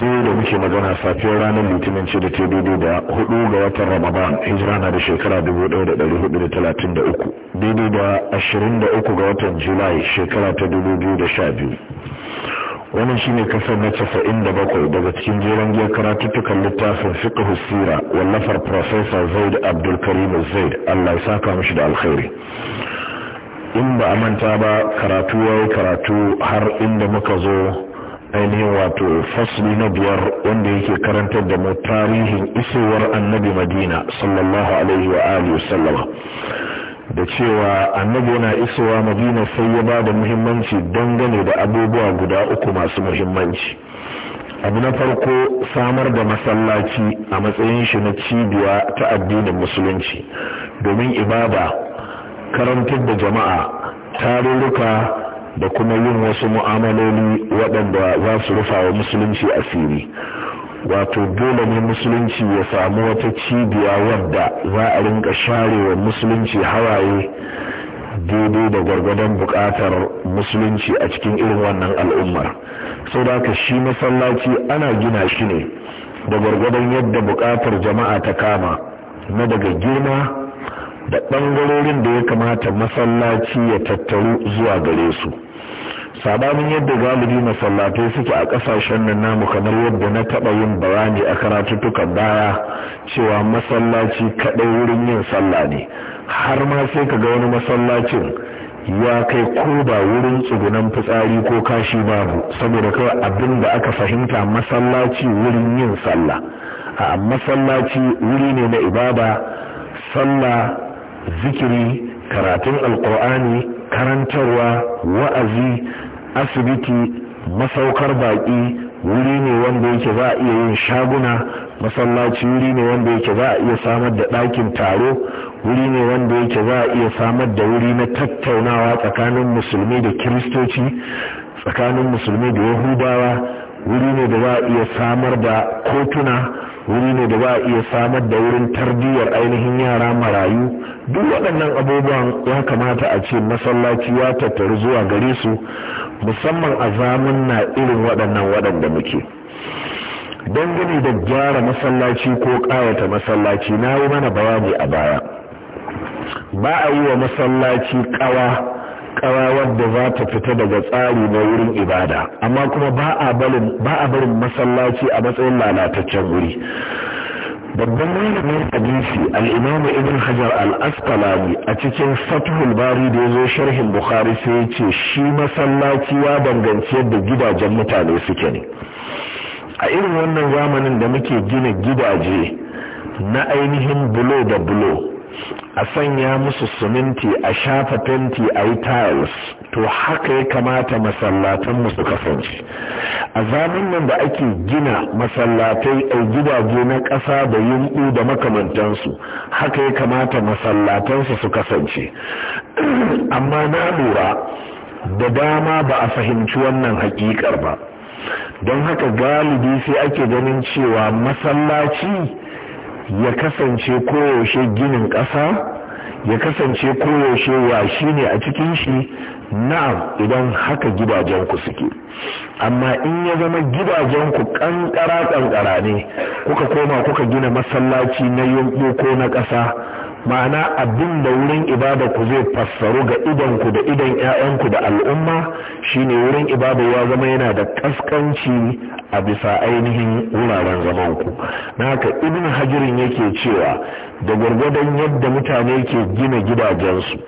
yanzu da muke magana safiyar ranar litinin ce da ta daidai da hudu ga watan ramadan hijira na da shekara 1433 daidai da 23 ga watan julai shekara ta 2012 wannan shine kasar na bakwai daga cikin jeren giyar karatuttukan littafin fiƙa husira wallafar profesa zaid abdulkarim zaid allah ya saka mishi da alkhairi in ba a manta ba karatu yi karatu har inda muka zo ainihin wato fasli na biyar wanda yake karantar da mu tarihin isowar annabi madina sallallahu alaihi wa alihi sallama da cewa annabi yana isowa madina sai ya ba da muhimmanci dangane da abubuwa guda uku masu muhimmanci abu na farko samar da masallaci a matsayin shi na cibiya ta addinin musulunci domin ibada karantar da jama'a tarurruka da kuma yin wasu mu'amaloli waɗanda za su rufa wa musulunci asiri wato dole ne musulunci ya samu wata cibiya wadda za a rinka share wa musulunci hawaye daidai da gwargwadon buƙatar musulunci a cikin irin wannan al'ummar sau da aka shi masallaci ana gina shi ne da gwargwadon yadda buƙatar jama'a ta kama na daga girma da ɓangarorin da ya kamata masallaci ya tattaru zuwa gare su sabanin yadda galibi masallatai suke a ƙasashen nan namu kamar yadda na taɓa yin bayani a karatuttukan baya cewa masallaci kaɗai wurin yin sallah ne har ma sai ka ga wani masallacin ya kai ko ba wurin tsugunan fitsari ko kashi babu saboda kawai abin da aka fahimta masallaci wurin yin sallah a masallaci wuri ne na ibada sallah zikiri karatun alkur'ani karantarwa wa'azi asibiti masaukar baƙi wuri ne wanda yake za a iya yin shaguna masallaci wuri ne wanda yake za a iya samar da ɗakin taro wuri ne wanda yake za a iya samar da wuri na tattaunawa tsakanin musulmi da kiristoci tsakanin musulmi da yahudawa wuri ne da za a iya samar da kotuna wuri ne da ba a iya samar da wurin tarbiyyar ainihin yara marayu duk waɗannan abubuwan ya kamata a ce masallaci ya tattaru zuwa gare su musamman a zamun na irin waɗannan waɗanda muke gani da gyara masallaci ko ƙayata masallaci na yi mana bayani a baya ba a yi wa masallaci ƙawa ƙara wadda za ta fita daga tsari na wurin ibada amma kuma ba a barin masallaci a matsayin lalataccen wuri babban malamin hadisi al-imamu ibn hajar al-asqalani a cikin fathul bari da yazo sharhin bukhari sai ya ce shi masallaci ya danganci yadda gidajen mutane suke ne a irin wannan zamanin da muke gina gidaje na ainihin bulo da bulo a sanya musu siminti a shafa fenti a yi tiles to haka ya kamata masallatanmu su kasance a zamanin nan da ake gina masallatai a gidaje na ƙasa da yunɓu da makamantansu haka ya kamata masallatansu su kasance amma na lura da dama ba a fahimci wannan hakikar ba don haka galibi sai ake ganin cewa masallaci ya kasance koyaushe ginin ƙasa ya kasance koyaushe washi ne a cikin shi na'am idan haka gidajenku suke amma in ya zama gidajenku ƙanƙara ƙanƙara ne kuka koma kuka gina masallaci na yumɓu ko na ƙasa ma'ana abin da wurin ibada ku zai fassaru ga idanku da idan 'ya'yanku da al'umma shine wurin ibada ya zama yana da kaskanci a bisa ainihin wuraren zamanku na haka ibn hajirin yake cewa da gwargwadon yadda mutane ke gina gidajensu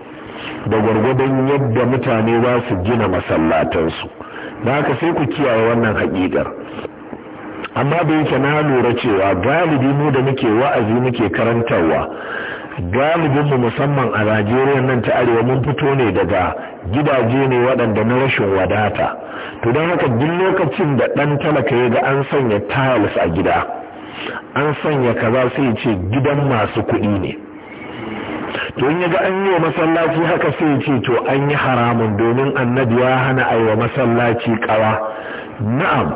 da gwargwadon yadda mutane za su gina masallatansu na haka sai ku kiyaye wannan haƙiƙar amma da yake na lura cewa galibi mu da muke wa'azi muke karantarwa galibin mu musamman a Najeriya nan ta arewa mun fito ne daga gidaje ne waɗanda na rashin wadata to don haka duk lokacin da ɗan talaka ya ga an sanya tiles a gida an sanya kaza sai ce gidan masu kuɗi ne to in ya ga an yi wa masallaci haka sai ce to an yi haramun domin annabi ya hana a yi wa masallaci kawa na'am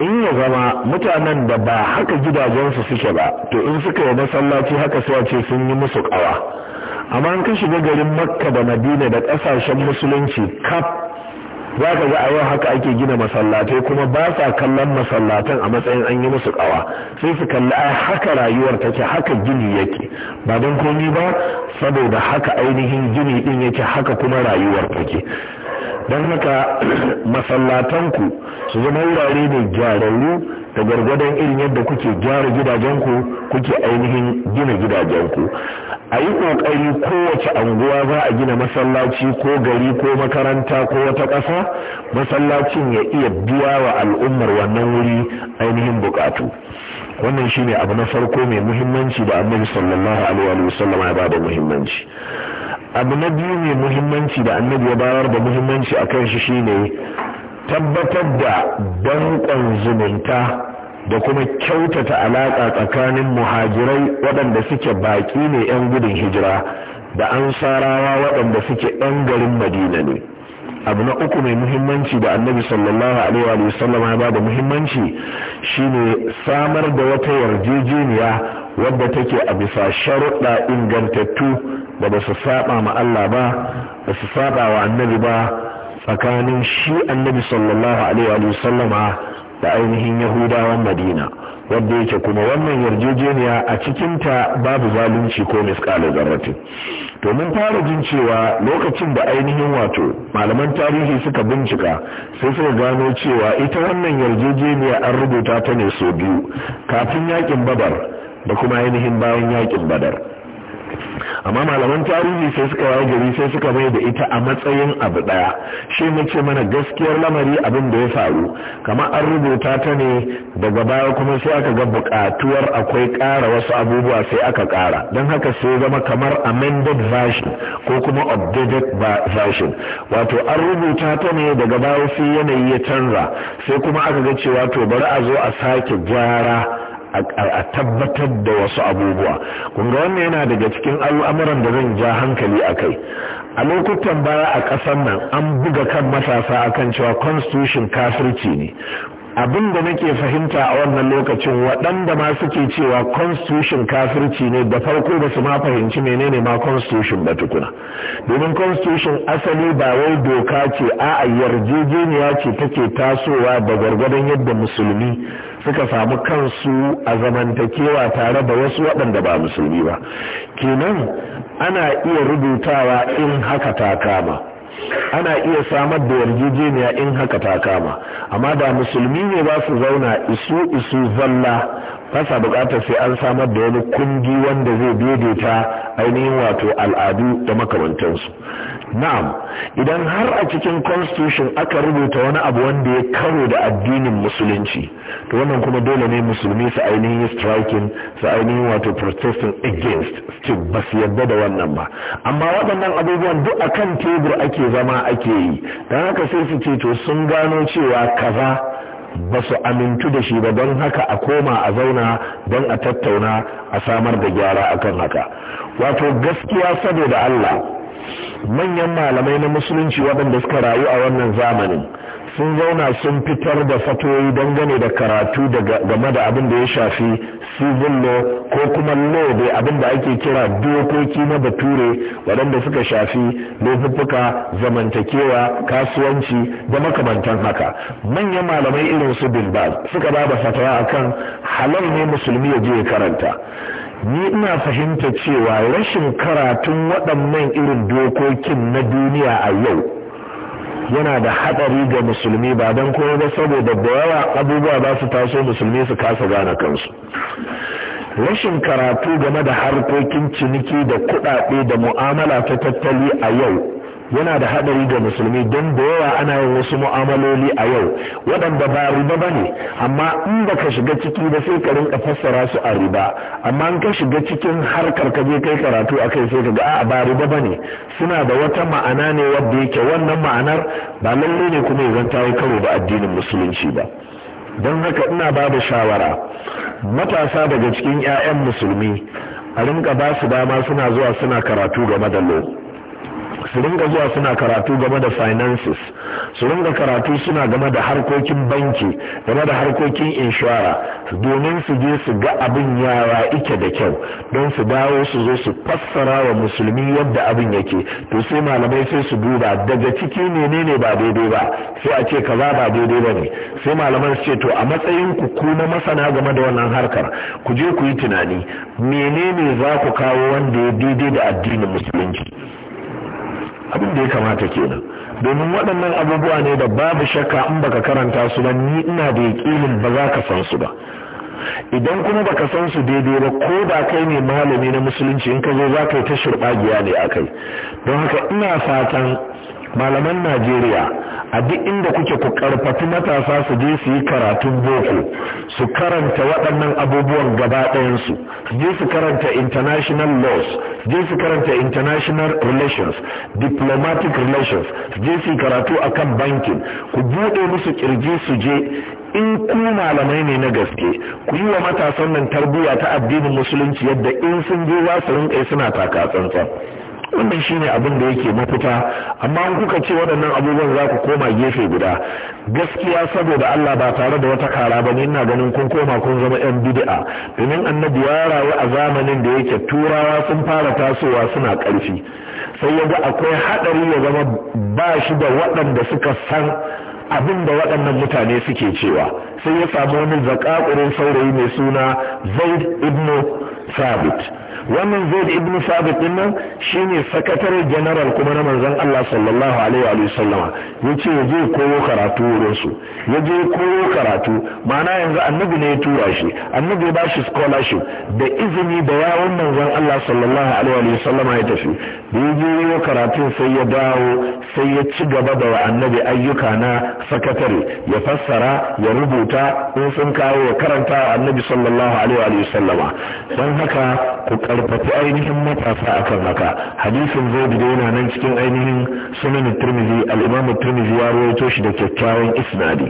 in ya zama mutanen da ba haka gidajensu suke ba to in suka yi masallaci haka suwa ce sun yi musu kawa amma in ka shiga garin makka da madina da ƙasashen musulunci kaf za ka ga a yau haka ake gina masallatai kuma ba sa kallon masallatan a matsayin an yi musu kawa sai su kalli ai haka rayuwar take haka gini yake ba don komi ba saboda haka ainihin gini din yake haka kuma rayuwar take don haka masallatanku su zama wurare ne gyararru da gwargwadon irin yadda kuke gyara gidajenku kuke ainihin gina gidajenku a yi ƙoƙari kowace anguwa za a gina masallaci ko gari ko makaranta ko wata ƙasa masallacin ya iya biya wa al'ummar wannan wuri ainihin buƙatu wannan shine abu na farko mai muhimmanci da annabi sallallahu alaihi wa sallam ya bada muhimmanci abu na biyu mai muhimmanci da annabi ya bayar da muhimmanci a kan shi shine tabbatar da danƙon zumunta da kuma kyautata alaƙa tsakanin muhajirai waɗanda suke baƙi ne 'yan gudun hijira da ansarawa waɗanda suke 'yan garin madina ne abu na uku mai muhimmanci da annabi sallallahu alaihi ya bada muhimmanci shine samar da wata yarjejeniya wadda take a bisa sharuɗa ingantattu da ba su saba ma Allah ba ba su saba wa annabi ba tsakanin shi annabi sallallahu alaihi wa sallam da ainihin yahudawan madina wanda yake kuma wannan yarjejeniya a cikin ta babu zalunci ko miskalin zarratin to mun fara jin cewa lokacin da ainihin wato malaman tarihi suka bincika sai suka gano cewa ita wannan yarjejeniya an rubuta ta ne sau biyu kafin yakin babar da kuma ainihin bayan yakin badar amma malaman tarihi sai suka waye gari sai suka mai da ita a matsayin abu daya shi mace mana gaskiyar lamari abin da ya faru kama an rubuta ta ne daga baya kuma sai aka ga bukatuwar akwai ƙara wasu abubuwa sai aka ƙara don haka sai zama kamar amended version ko kuma updated version wato an rubuta ta ne daga baya sai yanayi ya canza sai kuma aka ga cewa to bari a zo a sake gyara a tabbatar da wasu abubuwa kunga wannan yana daga cikin al'amuran da zan ja hankali a kai a lokutan baya a ƙasar nan an buga kan matasa akan cewa constitution kafirci ne abin da nake fahimta a wannan lokacin waɗanda ma suke cewa constitution kafirci ne da farko ba su ma fahimci menene ma constitution ba tukuna domin constitution asali ba wai doka ce a yarjejeniya ce take tasowa da gwargwadon yadda musulmi suka samu kansu a zamantakewa tare da wasu waɗanda ba musulmi ba kenan ana iya rubutawa in haka ta kama ana iya samar da yarjejeniya in haka ta kama amma da musulmi ne ba su zauna isu isu zalla ba bukatar sai an samar da wani kungi wanda zai daidaita ainihin wato al'adu da makamantansu na'am idan har a cikin constitution aka rubuta wani abu wanda ya karo da addinin musulunci to wannan kuma dole ne musulmi su ainihin striking su ainihin wato protesting against su ba su yarda da wannan ba amma waɗannan abubuwan duk akan tebur ake zama ake yi don haka sai su ce to sun gano cewa kaza ba su amintu da shi ba don haka a koma a zauna don a tattauna a samar da gyara akan haka wato gaskiya saboda Allah manyan malamai na musulunci waɗanda suka rayu a wannan zamanin sun zauna sun fitar da fatoyi dangane da karatu game da abin da ya shafi civil law ko kuma law da abin da ake kira dokoki na bature waɗanda suka shafi laifuka zamantakewa kasuwanci da makamantan haka manyan malamai irin su bilbal suka ba da fatawa akan halal ne musulmi ya je ya karanta ni ina fahimta cewa rashin karatun waɗannan irin dokokin na duniya a yau yana da haɗari ga musulmi ba don kuma ba saboda da yawa abubuwa ba su taso musulmi su kasa gane kansu rashin karatu game da harkokin ciniki da kuɗaɗe da mu'amala ta tattali a yau yana da haɗari ga musulmi don da yawa ana yin wasu mu'amaloli a yau waɗanda ba riba ba ne amma in ba ka shiga ciki ba sai ka rinka fassara su a riba amma in ka shiga cikin harkar ka je kai karatu a kai sai ka ga a ba riba ba ne suna da wata ma'ana ne wadda yake wannan ma'anar ba lalle ne kuma ya zanta ya karo da addinin musulunci ba don haka ina ba da shawara matasa daga cikin 'ya'yan musulmi a rinka ba su dama suna zuwa suna karatu game da lo su ringa zuwa suna karatu game da finances su ringa karatu suna game da harkokin banki game da harkokin inshora domin su je su ga abin yara ike da kyau don su dawo su zo su fassara wa musulmi yadda abin yake to sai malamai sai su duba daga ciki menene ba daidai ba sai a ce kaza ba daidai ba ne sai malaman su ce to a matsayin ku ku na masana game da wannan harkar ku je ku yi tunani menene za ku kawo wanda ya daidai da addinin musulunci abin da ya kamata kenan domin waɗannan abubuwa ne da babu shakka in baka karanta su ba ni ina da yaƙinin ba za ka san su ba idan kuma baka san su daidai ba ko da kai ne malami na musulunci in ka zo za ka yi ta shirɓagiya ne a kai don haka ina fatan malaman najeriya a duk inda kuke ku karfafi matasa su je su yi karatun boko su karanta waɗannan abubuwan gaba ɗayansu je su karanta international laws je su karanta international relations diplomatic relations je su karatu a kan bankin ku buɗe musu ƙirji su je in ku malamai ne na gaske ku yi wa matasan nan tarbiyya ta addinin musulunci yadda in sun je za su rinƙai suna taka tsantsan wannan shine abin da yake mafita amma in kuka ce waɗannan abubuwan za ku koma gefe guda gaskiya saboda Allah ba tare da wata kara ba ne ina ganin kun koma kun zama yan bid'a domin annabi ya rayu a zamanin da yake turawa sun fara tasowa suna ƙarfi sai yaga akwai haɗari ya zama ba shi da waɗanda suka san abin da waɗannan mutane suke cewa sai ya samu wani zakakurin saurayi mai suna Zaid ibn Sabit wannan zaid ibn sabit din nan shine sakatare general kuma na manzon Allah sallallahu alaihi wa sallama yace yaje koyo karatu wurin su yaje koyo karatu ma'ana yanzu annabi ne ya tura shi annabi ya bashi scholarship da izini da yawon manzon Allah sallallahu alaihi wa sallama ya tafi da yaje yo karatu sai ya dawo sai ya ci gaba da annabi ayyuka na sakatare ya fassara ya rubuta in sun kawo ya karanta annabi sallallahu alaihi wa sallama don haka ku karfafi ainihin matasa akan haka hadisin zai da yana nan cikin ainihin sunan turmizi al'imamu turmizi ya rawaito shi da kyakkyawan isnadi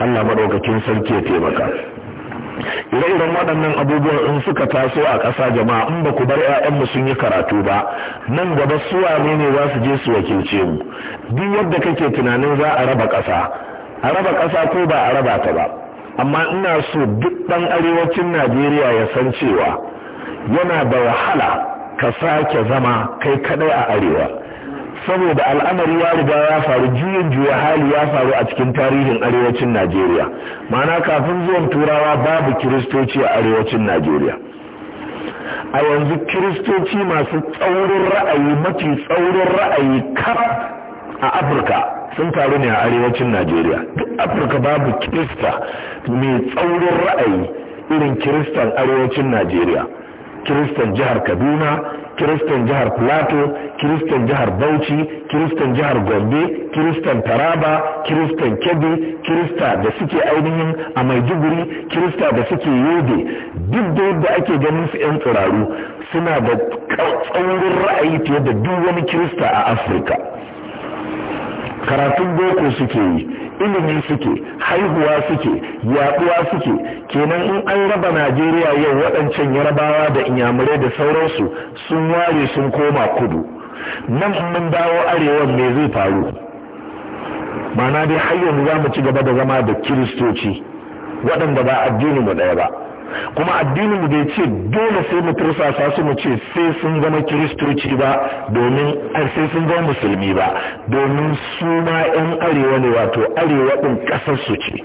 Allah maɗaukakin sarki ya taimaka ire-iren waɗannan abubuwan in suka taso a ƙasa jama'a in ba ku bar 'ya'yanmu sun yi karatu ba nan gaba su wane ne za su je su wakilce mu duk yadda kake tunanin za a raba ƙasa a raba ƙasa ko ba a raba ta ba amma ina so duk ɗan arewacin najeriya ya san cewa yana da wahala ka sake zama kai kadai a arewa saboda al'amari ya riga ya faru juyin juya hali ya faru a cikin tarihin arewacin najeriya ma'ana kafin zuwan turawa babu kiristoci a arewacin najeriya a yanzu kiristoci masu tsaurin ra'ayi mafi tsaurin ra'ayi kaf a afirka sun taru ne a arewacin najeriya duk afirka babu kirista mai tsaurin ra'ayi irin kiristan arewacin najeriya kiristan jihar kaduna kiristan jihar plateau kiristan jihar bauchi kiristan jihar gombe kiristan taraba kiristan kebbi kirista da suke ainihin a maiduguri kirista da suke yobe duk da yadda ake ganin su 'yan tsiraru suna da tsaurin ra'ayi fiye da duk wani kirista a afirka karatun boko suke yi ilimi suke haihuwa suke yaduwa suke kenan in an raba najeriya yau waɗancan yarabawa da inyamurai da sauransu sun ware sun koma kudu nan mun dawo arewan me zai faru mana dai har yanzu za mu ci gaba da zama da kiristoci waɗanda ba addini mu ɗaya ba kuma addinin mu bai ce dole sai mu tursasa su mu ce sai sun zama kiristoci ba domin sai sun zama musulmi ba domin su ma yan arewa ne wato arewa din kasar su ce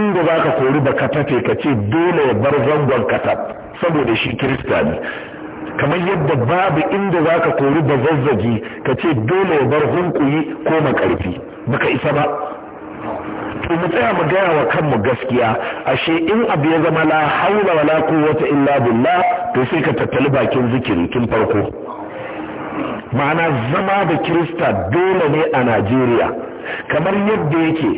inda za ka kori ba katafe ka ce dole ya bar zangon kataf saboda shi kirista ne kamar yadda babu inda za ka kori ba zazzagi ka ce dole ya bar hunkuyi ko makarfi baka isa ba to mu tsaya mu gaya wa kanmu gaskiya ashe in abu ya zama la haula wala quwwata illa billah to sai ka tattali bakin zikiri tun farko ma'ana zama da kirista dole ne a Najeriya kamar yadda yake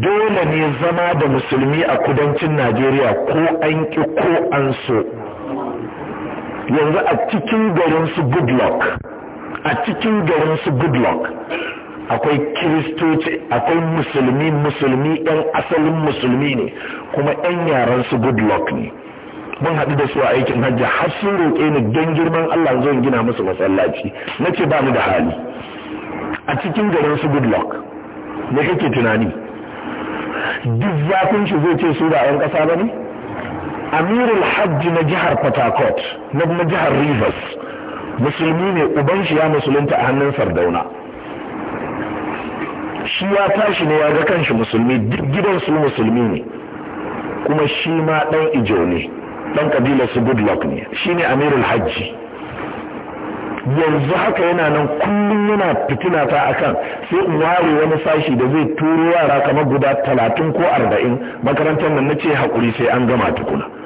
dole ne zama da musulmi a kudancin Najeriya ko an ki ko an so yanzu a cikin garin su goodluck a cikin garin su goodluck akwai kiristoci akwai musulmi musulmi yan asalin musulmi ne kuma yan yaran su good luck ne mun haɗu da su a aikin hajji har sun roƙe ni don girman Allah zo gina musu masallaci na ce ba ni da hali a cikin garin su good luck ne kake tunani duk zafin shi zai ce su ba 'yan ƙasa ba ne amirul hajji na jihar port na jihar rivers musulmi ne uban shi ya musulunta a hannun sardauna shi ya tashi ne ya ga kanshi musulmi duk gidan su musulmi ne kuma shi ma dan ijo ne dan kabilar su goodluck ne shine amirul hajji yanzu haka yana nan kullum yana fitina ta akan sai in ware wani sashi da zai turo yara kamar guda talatin ko arba'in makarantar nan na ce haƙuri sai an gama tukuna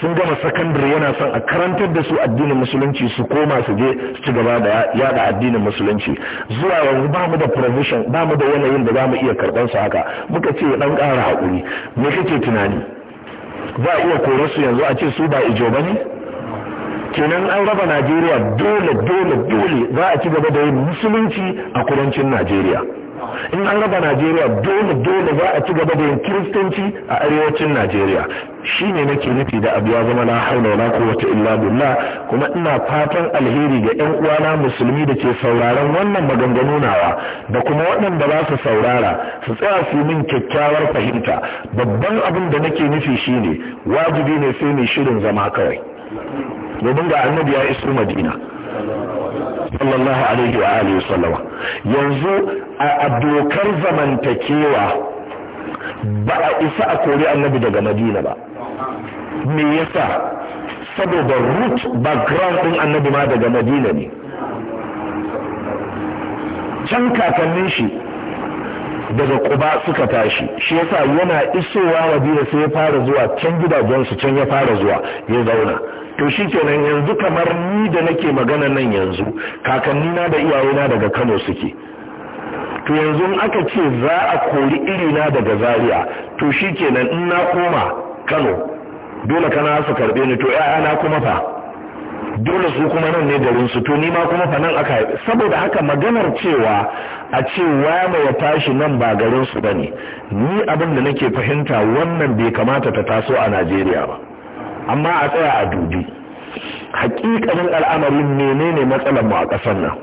sun gama sakandare yana son a karantar da su addinin musulunci su koma su je su ci gaba da yada addinin musulunci zuwa yanzu ba mu da provision ba mu da yanayin da za mu iya karɓar su haka muka ce dan ƙara hakuri. me kake tunani za a iya kore su yanzu a ce su ba ijo ba ne kenan an raba najeriya dole dole dole za a ci gaba da yin musulunci a kudancin najeriya in an raba najeriya dole dole za a ci gaba da yin kiristanci a arewacin najeriya shi ne nake nufi da abu ya zama na haula wala wata illa billah kuma ina fatan alheri ga yan uwana musulmi da ke sauraron wannan maganganu nawa da kuma waɗanda za su saurara su tsaya su min kyakkyawar fahimta babban abin da nake nufi shine wajibi ne sai mai shirin zama kawai domin ga annabi ya iso madina sallallahu alaihi wa alihi sallama yanzu a dokar zamantakewa ba a isa a kori annabi daga madina ba me yasa saboda root background din annabi ma daga madina ne can kakannin shi daga kuba suka tashi shi yasa yana isowa madina sai ya fara zuwa can gidajensu can ya fara zuwa ya zauna to shi kenan yanzu kamar ni da nake magana nan yanzu kakanni na da iyayena daga kano suke to yanzu aka ce za a kori irina daga zaria to shi kenan in na koma kano dole kana su karbe ni to ya'ya na kuma fa dole su kuma nan ne garin su to ni kuma fa nan aka saboda haka maganar cewa a ce wama ya tashi nan ba garin su bane ni abin da nake fahimta wannan bai kamata ta taso a Najeriya ba amma a tsaya a dubi hakikanin al'amarin menene matsalar mu a ƙasar nan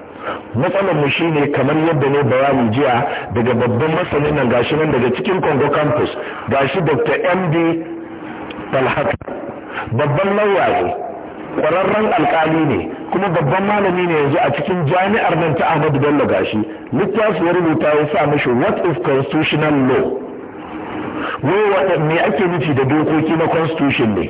matsalar mu shine kamar yadda ne bayani jiya daga babban masanin nan gashi nan daga cikin Congo campus gashi Dr. MD Talhat babban lauya ne ƙwararren alƙali ne kuma babban malami ne yanzu a cikin jami'ar nan ta Ahmadu Bello gashi littafi ya rubuta ya sa mishi what is constitutional law wai waɗanne ake nufi da dokoki na constitution ne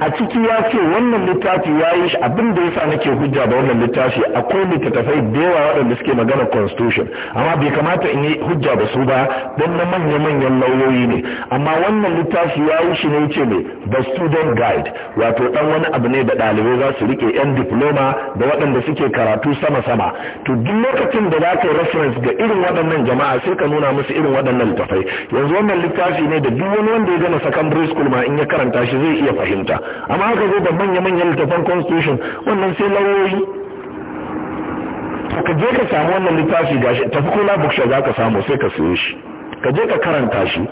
a ciki ya ce wannan littafi ya yi abin da ya sa nake hujja da wannan littafi akwai littattafai da yawa waɗanda suke magana constitution amma bai kamata in yi hujja da su ba don na manya-manyan lauyoyi ne amma wannan littafi ya yi shi ne ce ne the student guide wato dan wani abu ne da ɗalibai za su rike yan diploma da waɗanda suke karatu sama-sama to duk lokacin da za ka yi reference ga irin waɗannan jama'a sai ka nuna musu irin waɗannan littattafai yanzu wannan littafi ne da duk wani wanda ya gama secondary school ma in ya karanta shi zai iya fahimta amma aka zo da manya-manyan littafan constitution wannan sai lauyoyi ka je ka samu wannan littafi gashi tafi kula bukshe za ka samu sai ka siye shi ka je ka karanta shi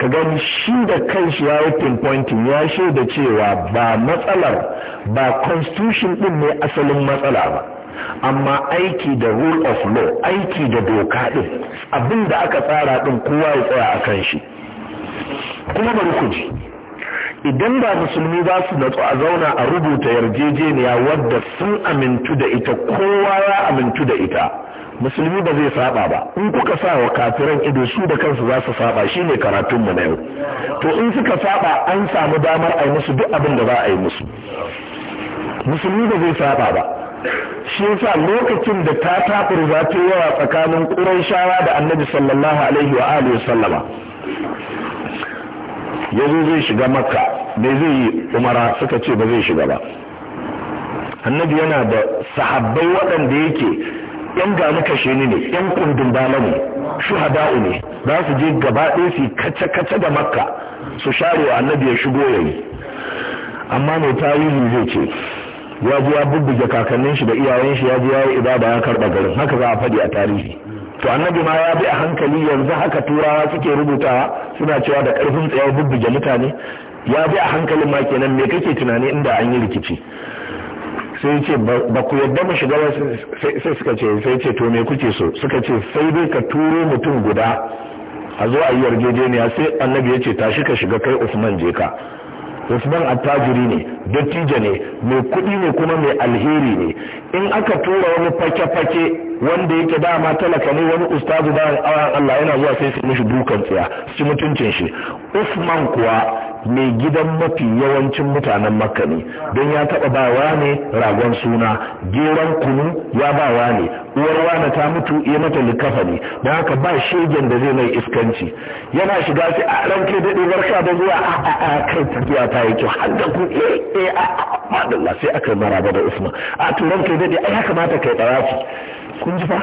ka gani shi da kanshi ya yi pinpointing ya shaida cewa ba matsalar ba constitution din ne asalin matsala ba amma aiki da rule of law aiki da doka din abin da aka tsara din kowa ya tsaya a kan shi kuma bari ku ji idan ba musulmi ba su natsu a zauna a rubuta yarjejeniya wadda sun amintu da ita kowa ya amintu da ita musulmi ba zai saba ba in kuka sa wa kafiran ido su da kansu za su saba shi ne karatunmu na yau to in suka saba an samu damar a yi musu duk abin da za a yi musu musulmi ba zai saba ba shi yasa lokacin da ta taɓar za ta yawa tsakanin ƙuran shawa da annabi sallallahu alaihi wa alihi sallama ya zo zai shiga makka da zai yi umara suka ce ba zai shiga ba annabi yana da sahabbai waɗanda yake yan gani kashe ni ne yan kundin bala ne shuhada'u ne za su je gaba ɗaya su kace-kace da makka su share annabi ya shigo ya yi amma mai tarihi zai ce ya ji ya bubbuge kakannin shi da iyayen shi ya ji ya yi ibada ya karɓa garin haka za a faɗi a tarihi to annabi ma ya bi a hankali yanzu haka turawa suke rubutawa suna cewa da karfin tsaye bubbuge mutane ya bi a hankalin ma kenan me kake tunani inda an yi rikici sai ce ba ku yadda mu shiga sai suka ce sai ce to me kuke so suka ce sai dai ka turo mutum guda a zo a yi yarjejeniya sai annabi ya ce tashi ka shiga kai usman je ka usman attajiri ne dattijo ne mai kuɗi ne kuma mai alheri ne in aka tura wani fake-fake wanda yake dama talaka ne wani ustazu bayan awan Allah yana zuwa sai su mishi dukan tsaya su mutuncin shi Usman kuwa mai gidan mafi yawancin mutanen makka ne don ya taba bawa ne ragon suna geron kunu ya bawa ne uwar wane ta mutu ya mata likafa ne don haka ba shegen da zai mai iskanci yana shiga sai a ranke daɗe barka da zuwa a a a kai tafiya ta yi kyau har da ku eh eh a a madalla sai aka maraba da usman a to ranke daɗe ai ya kamata kai ɗarafi kun ji fa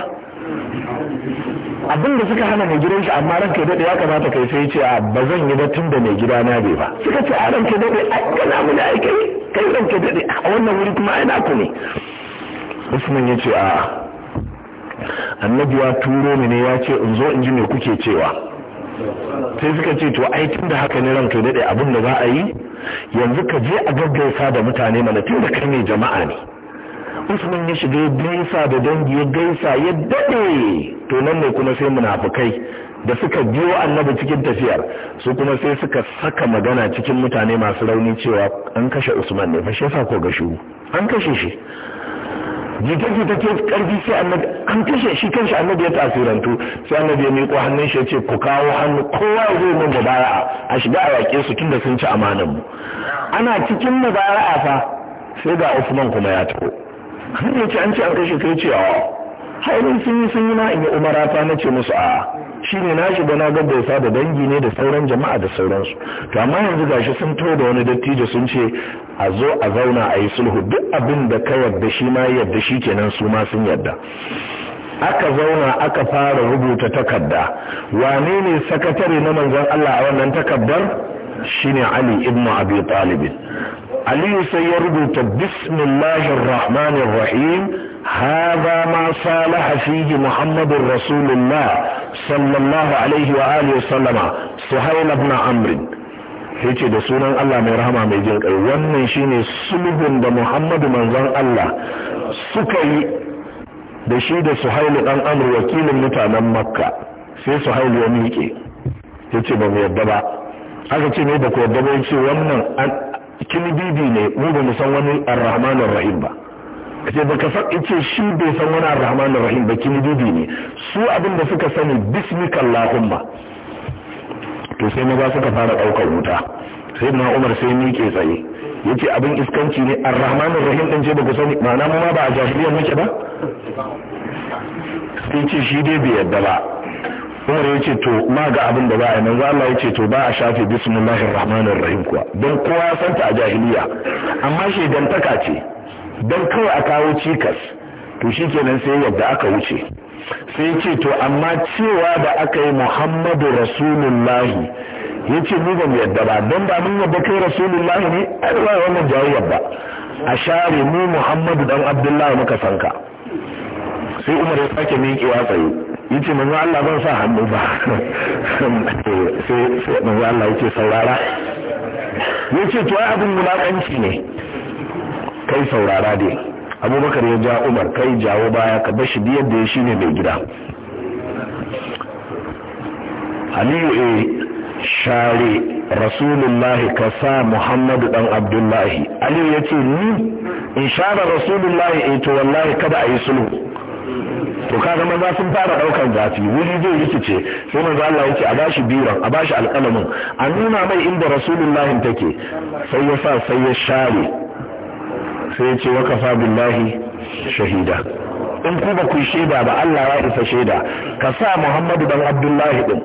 abin da suka hana mai gidan shi amma ke dade ya kamata kai sai ce a ba zan yi ba da mai gida na bai ba suka ce a ke dade a kana da aiki kai ke dade a wannan wuri kuma ai ku ne usman ya ce a annabi ya turo ni ne ya ce in zo in ji me kuke cewa sai suka ce to ai tun da haka ne ke dade abin da za a yi yanzu ka je a gaggaisa da mutane mana tun da kai ne jama'a ne usman ya shiga gaisa da dangi ya gaisa ya daɗe to nan ne kuma sai munafukai da suka biyo annabi cikin tafiyar su kuma sai suka saka magana cikin mutane masu rauni cewa an kashe usman ne fa shi yasa ko ga an kashe shi jita ta ke karfi sai annabi an kashe shi kanshi annabi ya tasirantu sai annabi ya miƙo hannun shi ya ce ku kawo hannu kowa ya zo min mubara'a a shiga a yaƙe su tunda sun ci amanan mu ana cikin mubara'a fa sai ga usman kuma ya taho har yace an ce an kashe kai ce a hairin sun yi sun yi na in umara ta na ce musu a shi ne na shiga na ga ya da dangi ne da sauran jama'a da sauransu to amma yanzu gashi sun to da wani dattijo sun ce a zo a zauna a yi sulhu duk abin da ka yadda shi ma yadda shi kenan su ma sun yadda. aka zauna aka fara rubuta takarda wane ne sakatare na manzon Allah a wannan takardar shine Ali ibn Abi Talib aliyu sai ya rubuta bismillahir rahmanir rahim هذا ما صالح فيه محمد رسول الله صلى wa عليه وآله وسلم سهيل بن عمرو yace da sunan Allah mai rahama mai jin kai wannan shine sulhun da Muhammadu manzon Allah suka yi da shi da Suhail dan Amr wakilin mutanen Makka sai Suhail ya miƙe yace ba mu yadda ba aka ce me ba ku yadda ba yace wannan bibi ne mu ba mu san wani ar-rahman ar-rahim ba kace baka san ce shi bai san wani ar-rahman ar-rahim ba bibi ne su abin da suka sani bismika to sai maza suka fara daukar wuta sai na umar sai ke tsaye yace abin iskanci ne ar-rahman ar-rahim din ce baka sani ma'ana mu ma ba a jahiliyyar muke ba sai ce shi dai bai yadda ba umar ya ce to ma ga abin da ba a yi Allah ya ce to ba a shafe bismillahir rahmanir rahim kuwa don kowa ya santa a jahiliya amma taka ce don kawai a kawo cikas to shikenan sai yadda aka wuce sai ce to amma cewa da aka yi muhammadu rasulullahi ya ce mu ban yadda ba don ba mun yadda kai rasulullahi ne a ba wannan jayayyar ba a share mu muhammadu dan abdullahi muka ka. sai umar ya sake miƙewa tsaye yace manzo Allah ban sa hannu ba sai sai manzo Allah yake saurara yace to ai abin mulakanci ne kai saurara dai abubakar ya ja umar kai jawo baya ka bashi biyar da ya shi ne mai gida aliyu e share rasulullahi ka sa muhammadu dan abdullahi aliyu ya ce ni in share rasulullahi e to wallahi kada a yi sulhu to kaga maza sun fara daukar zafi wuri zai rikice sai manzo Allah yake a bashi biran a bashi alƙalamin a nuna mai inda rasulullahi take sai ya sa sai ya share sai ya ce wakafa billahi shahida in ku ba ku shaida ba Allah ya isa shaida ka sa Muhammadu dan Abdullahi din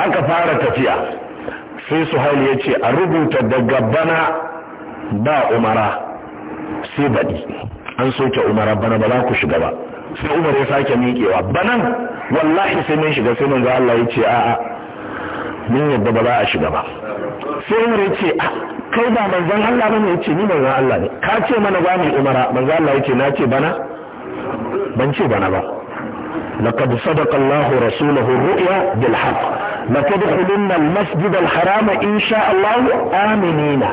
aka fara tafiya sai Suhail ya ce a rubuta daga bana ba umara sai badi. an soke umar bana ba za ku shiga ba sai umar ya sake miƙewa banan wallahi sai mun shiga sai manzo Allah ya ce a'a mun yadda ba za a shiga ba sai umar ya ce a ah, kai ba manzon Allah bane ya ce ni manzon Allah ne ka ce mana ba mu umara manzon Allah ya ce na ce bana ban ce bana ba laqad sadaqa Allahu Rasuluhu, ru'ya bil haqq لتدخلن المسجد الحرام إن شاء allahu aminina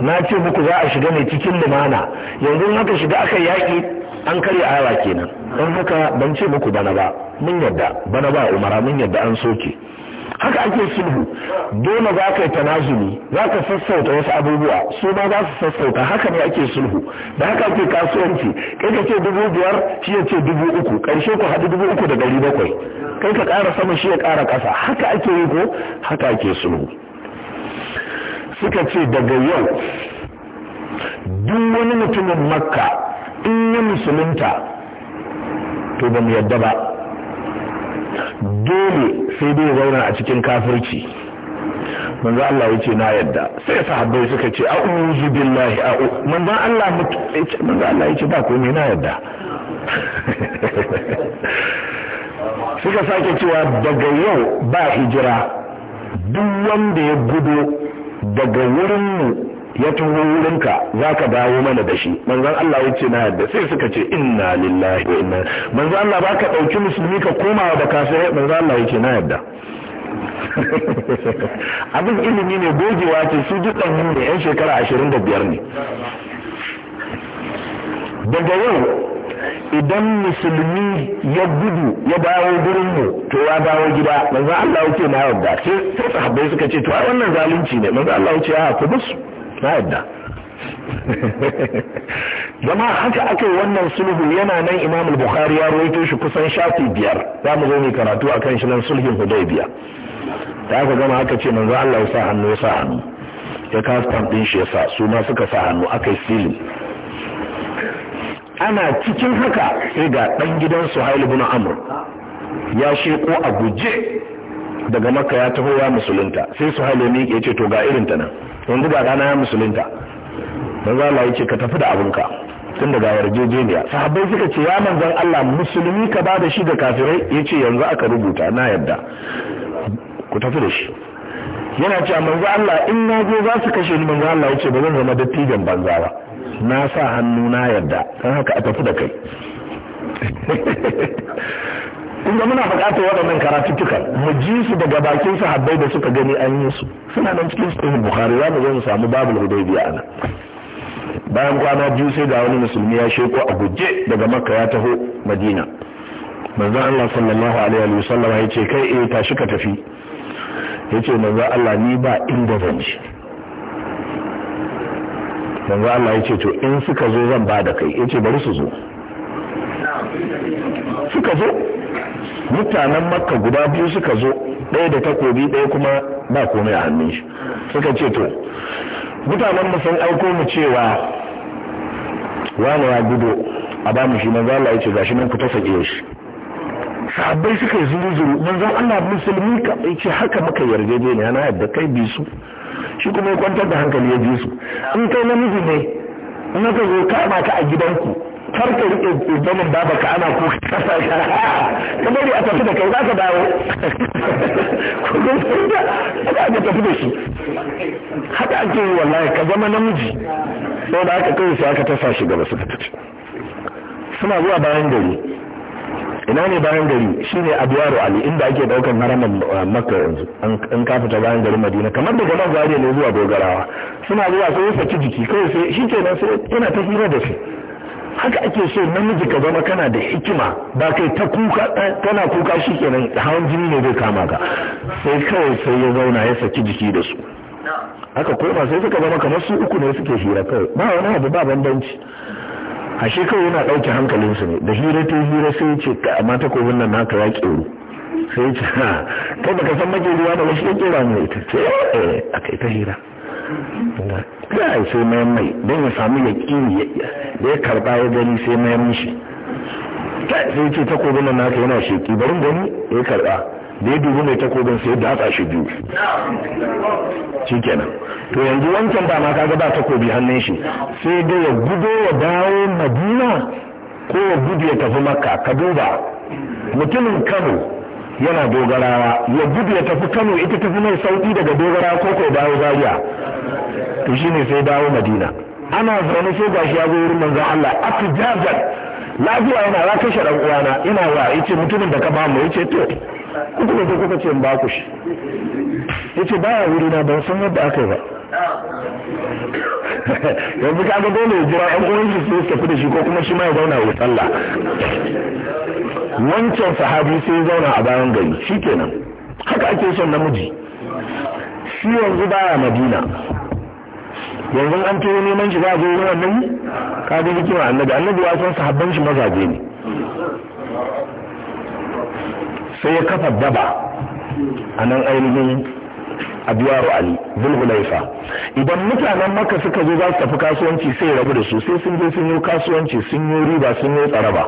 na ce muku za a shiga ne cikin lumana yanzu haka shiga aka yaƙi an karya awa kenan don haka ban ce muku bana ba mun yadda bana ba umara mun yadda an soke haka ake sulhu dole za ka yi tanazuli za ka sassauta wasu abubuwa su ma za su sassauta haka ne ake sulhu da haka ake kasuwanci kai ka ce dubu biyar shi ya ce dubu uku ƙarshe ku haɗu dubu uku da ɗari bakwai kai ka ƙara sama shi ya ƙara ƙasa haka ake yi ko haka ake sulhu suka ce daga yau duk wani mutumin makka in yi musulunta to ba mu yadda ba dole sai dai zauna a cikin kafirci manzo Allah yace na yadda sai sahabbai suka ce a'udhu billahi a'u manzo Allah manzo Allah yace ba komai na yadda suka sake cewa daga yau ba hijira duk wanda ya gudu daga wurin mu ya taho wurinka za ka dawo mana da shi manzan Allah ya ce na yadda sai suka ce inna lillahi wa inna manzan Allah ba ka ɗauki musulmi ka koma da kafirai manzan Allah ya ce na yadda abin ilimi ne gogewa ce su duk ɗan ne yan shekara ashirin da biyar ne daga yau idan musulmi ya gudu ya dawo mu to ya dawo gida manzan Allah ya ce na yadda sai sahabbai suka ce to a wannan zalunci ne manzan Allah ya ce a ku musu na yadda haka aka yi wannan sulhu yana nan imamul bukhari ya rawaito shi kusan shafi biyar za mu zo mu karatu akan shi nan sulhin hudaybiya da aka gama aka ce manzo Allah ya sa hannu ya sa hannu ya kastam din shi ya sa su ma suka sa hannu aka yi silin ana cikin haka sai ga ɗan gidan Suhail ibn Amr ya sheko a guje daga Makka ya taho ya musulunta sai Suhail ya miƙe ya ce to ga irin ta nan yanzu ga gana ya musulunta manzo Allah ya ce ka tafi da abinka tun daga yarjejeniya sahabbai suka ce ya manzan Allah musulmi ka ba da shi ga kafirai ya ce yanzu aka rubuta na yadda ku tafi da shi yana ce manzan Allah in na je za su kashe ni manzan Allah ya ce ba zan zama dattijan banza ba na sa hannu na yadda don haka a tafi da kai inda ga muna buƙatar waɗannan karatuttuka mu ji su daga bakin sahabbai da suka gani an yi su suna nan cikin sahih bukhari za mu zo mu samu babul hudaybiya ana bayan kwana biyu sai ga wani musulmi ya sheko a guje daga makka ya taho madina manzon Allah sallallahu alaihi wa sallam ya ce kai eh tashi ka tafi yace manzon Allah ni ba inda zan je manzon Allah ya ce to in suka zo zan ba da kai yace bari su zo suka zo mutanen makka guda biyu suka zo ɗaya da takobi ɗaya kuma ba komai a hannun shi suka ce to mutanen mu sun aiko mu cewa wani ya gudu a ba mu shi manzo Allah ya ce gashi nan ku ta sake shi sabai suka yi zuru-zuru manzon Allah musulmi ka ce haka muka ne na yadda kai bi su shi kuma ya kwantar da hankali ya bi su in kai namiji ne in ka zo kama ka a gidanku kar ka riƙe zanen baba ana kuka kasa bari a tafi da kai za ka dawo haka aka tafi da shi haka ake yi wallahi ka zama namiji sau da aka kai sai aka tasa shi gaba suka tafi suna zuwa bayan gari ina ne bayan gari shine abiyaro ali inda ake daukar haramar uh, maka yanzu an kafita bayan gari madina kamar daga nan zariya ne zuwa dogarawa suna zuwa sai yi saki jiki kawai sai shi nan sai yana ta hira da su haka ake so namiji ka zama kana da hikima ba kai ta kuka kana kuka shi kenan hawan jini ne zai kama ka sai kawai sai ya zauna ya saki jiki da su aka koma sai suka zama kamar su uku ne suke hira kawai ba wani abu ba bambanci a kawai yana ɗauke hankalinsu ne da hira ta hira sai ce ka amma takobin nan naka ya ƙeru sai ce ha kai baka san maƙeriya da wasu ya ƙera mu ita ce eh, eh kai ta hira kai sai mai mai don ya samu ya kini da ya karba ya gani sai mai mishi kai sai ce takobin nan naka yana sheki barin gani ya karba da ya dubu mai takobin sai da hatsa shi biyu shi kenan to yanzu wancan ba ma kaga ba takobi hannun shi sai dai ya gudo ya dawo madina ko ya gudu ya tafi makka ka duba mutumin kano yana dogarawa ya gudu ya tafi kano ita tafi mai sauki daga dogara ko kai dawo zariya to shine sai dawo madina ana zaune sai gashi ya zo wurin manzon Allah atijazan lafiya yana ya kashe dan uwana ina wa yace mutumin da ka ba mu yace to kuka ne kuka ce in ba ku shi yace baya wuri na ban san yadda aka yi ba yanzu ka ga dole jira ɗan shi su tafi da shi ko kuma shi ma ya zauna ya sallah wancan sahabi sai ya zauna a bayan gari shi kenan haka ake son namiji shi yanzu baya madina yanzu an turo neman shi za a zo wurin annabi ka ga hikima annabi annabi ya san sahabban shi mazaje ne sai ya kafa daba a nan ainihin a ali bin hulaifa idan mutanen maka suka zo za su tafi kasuwanci sai rabu da su sai sun je sun yi kasuwanci sun yi riba sun yi tsaraba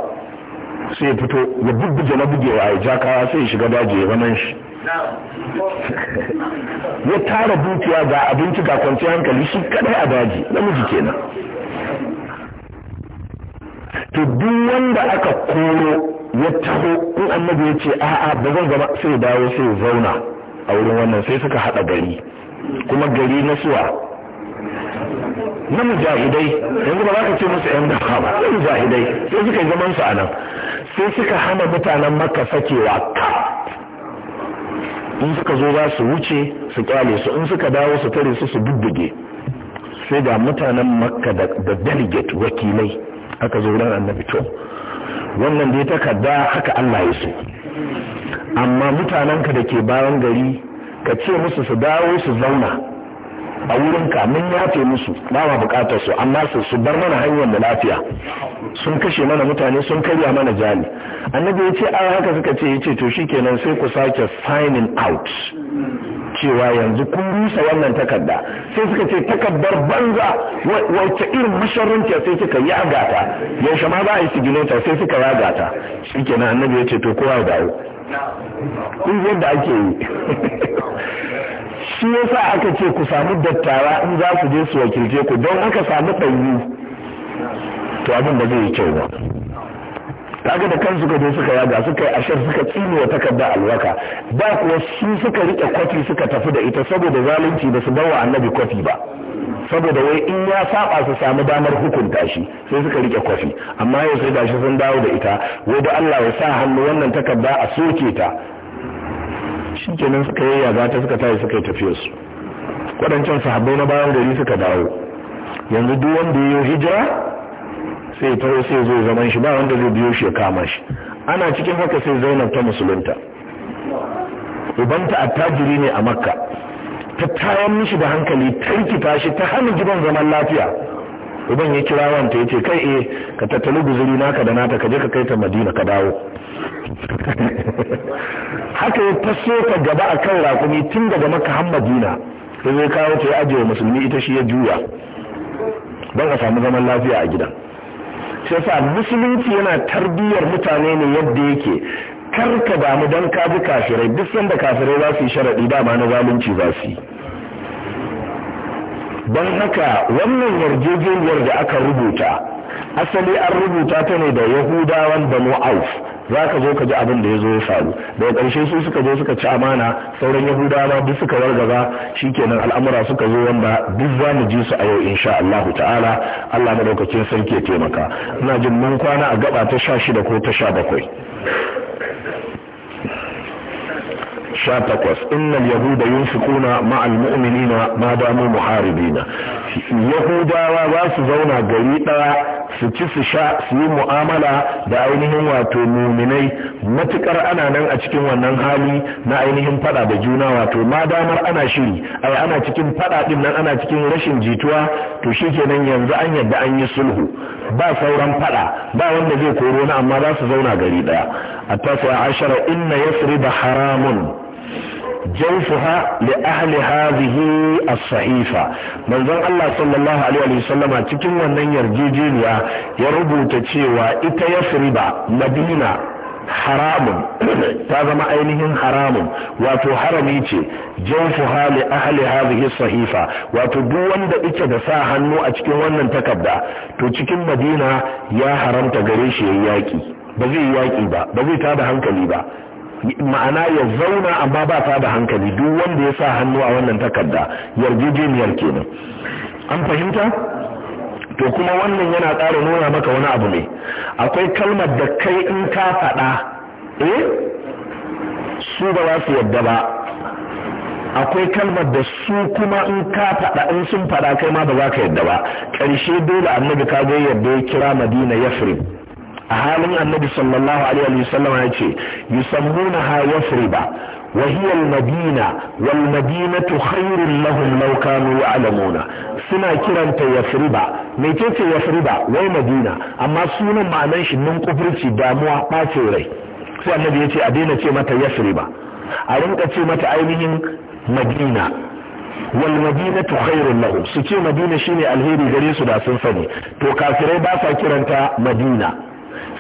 sai fito ya bubbuge na buge wa ja kawa sai shiga daji ya zama shi ya tara dukiya ga abinci ga kwanci hankali shi kadai a daji namiji kenan to duk wanda aka koro ya taho in annabi ya ce a'a ba zan zama sai dawo sai zauna a wurin wannan sai suka haɗa gari kuma gari na suwa na mujahidai yanzu ba za ka ce musu yan dafa ba na mujahidai sai suka yi zaman su a nan sai suka hana mutanen makka sakewa ka in suka zo za su wuce su kyale su in suka dawo su tare su su bubbuge sai ga mutanen makka da delegate wakilai aka zo wurin annabi to wannan dai takarda haka Allah ya so amma mutanenka da ke bayan gari ka ce musu su dawo su zauna a wurin kamun yafe musu ba bukatar su amma su su bar mana hanyar da lafiya sun kashe mana mutane sun karya mana jali annabi ya ce a haka suka ce ya ce to shikenan sai ku sake signing out cewa yanzu kun rusa wannan takarda sai suka ce takardar banza wacce irin masharunta sai suka yi agata yaushe ma ba a yi sigilota sai suka yaga ta shikenan annabi ya ce to kowa ya dawo in yadda ake yi shi yasa aka ce ku samu dattawa in za su je su wakilce ku don aka samu ɗanyu to abin da zai yi kyau ba kaga da kansu ka suka yaga suka yi ashar suka tsine wa takarda alwaka ba kuwa su suka rike kwafi suka tafi da ita saboda zalunci ba su bawa annabi kwafi ba saboda wai in ya saba su sami damar hukunta shi sai suka rike kwafi amma yau sai gashi sun dawo da ita wai da Allah ya sa hannu wannan takarda a soke ta shikenan suka yaga ta suka tayi suka yi su waɗancan sahabbai na bayan gari suka dawo yanzu duk wanda ya yi hijira sai taro sai zo zaman shi ba wanda zai biyo shi ya kama shi ana cikin haka sai zainab ta musulunta ubanta attajiri ne a makka ta tayan mishi da hankali tarkita shi ta hana gidan zaman lafiya uban ya kira wanta ya ce kai eh ka tattali guzuri naka da nata ka je ka kai ta madina ka dawo haka ya taso ka gaba a kan rakumi tun daga maka har madina sai zai kawo ta ya ajiye musulmi ita shi ya juya don a samu zaman lafiya a gidan sai musulunci yana tarbiyyar mutane ne yadda yake kar ka damu don ka bi kafirai duk sanda kafirai za su yi sharaɗi dama na zalunci za su yi don haka wannan yarjejeniyar da aka rubuta asali an rubuta ta ne da yahudawan da mu'auf za ka zo ka ji abin da ya zo ya faru daga ƙarshe su suka zo suka ci amana sauran yahudawa ma duk suka wargaza kenan al'amura suka zo wanda duk za mu ji su a yau insha Allah ta'ala Allah madaukakin sarki ya taimaka ina jin mun kwana a gaba ta sha shida ko ta sha bakwai sha takwas innal yahuda yunfiquna ma'al mu'minina ma damu muharibina yahudawa za su zauna gari ɗaya su ci su sha su yi mu'amala da ainihin wato muminai matukar ana nan a cikin wannan hali na ainihin fada da juna wato ma damar ana shiri ai ana cikin fada din nan ana cikin rashin jituwa to shikenan yanzu an yadda an yi sulhu ba sauran fada ba wanda zai koro na amma za su zauna gari ɗaya a tafiya ashara inna yasri da haramun jawfuha li ahli hadhihi as-sahifa manzon Allah sallallahu alaihi wa sallama cikin wannan yarjejeniya ya rubuta cewa ita yasriba madina haramun ta zama ainihin haramun wato harami ce jawfuha li ahli hadhihi sahifa wato duk wanda yake da sa hannu a cikin wannan takarda to cikin madina ya haramta gare shi yayi yaƙi ba zai yaki ba ba zai tada hankali ba ma'ana ya zauna amma ba ta da hankali duk wanda ya sa hannu a wannan takarda yarjejeniyar kenan an fahimta to kuma wannan yana ƙara nuna maka wani abu ne akwai kalmar da kai in ka faɗa eh su ba za su yadda ba akwai kalmar da su kuma in ka faɗa in sun faɗa kai ma ba za ka yadda ba ƙarshe dole annabi ka ga yadda ya kira madina yafrib a halin annabi sallallahu alaihi wa sallam ya ce yusammuna ha yasriba wa hiya al-madina wal madinatu khairun lahum law kanu ya'lamuna suna kiranta yasriba me ce yasriba wai madina amma sunan ma'anan shi nun kufurci damuwa bacin rai sai annabi ya ce a daina ce mata yasriba a rinka ce mata ainihin madina wal tu khairun lahum su ce madina shine alheri gare su da sun sani to kafirai ba sa kiranta madina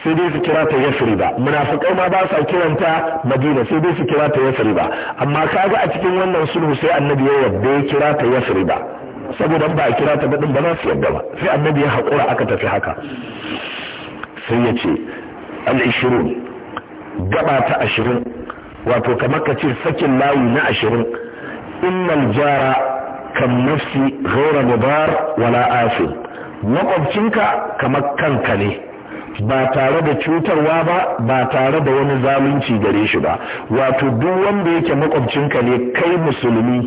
sai dai su kira ta yasriba munafukai ma ba sa kiranta madina sai dai su kira ta ba amma kaga a cikin wannan sulhu sai annabi ya yadda ya kira ta ba saboda ba a kira ta badin ba za su yadda ba sai annabi ya haƙura aka tafi haka sai ya ce al gaba ta ashirin wato kamar ka ce sakin layi na ashirin innal jara kan nafsi ghaira mudar wala asin makwabcinka kamar kanka ne ba tare da cutarwa ba ba tare da wani zalunci gare shi ba wato duk wanda yake makwabcinka ne kai musulmi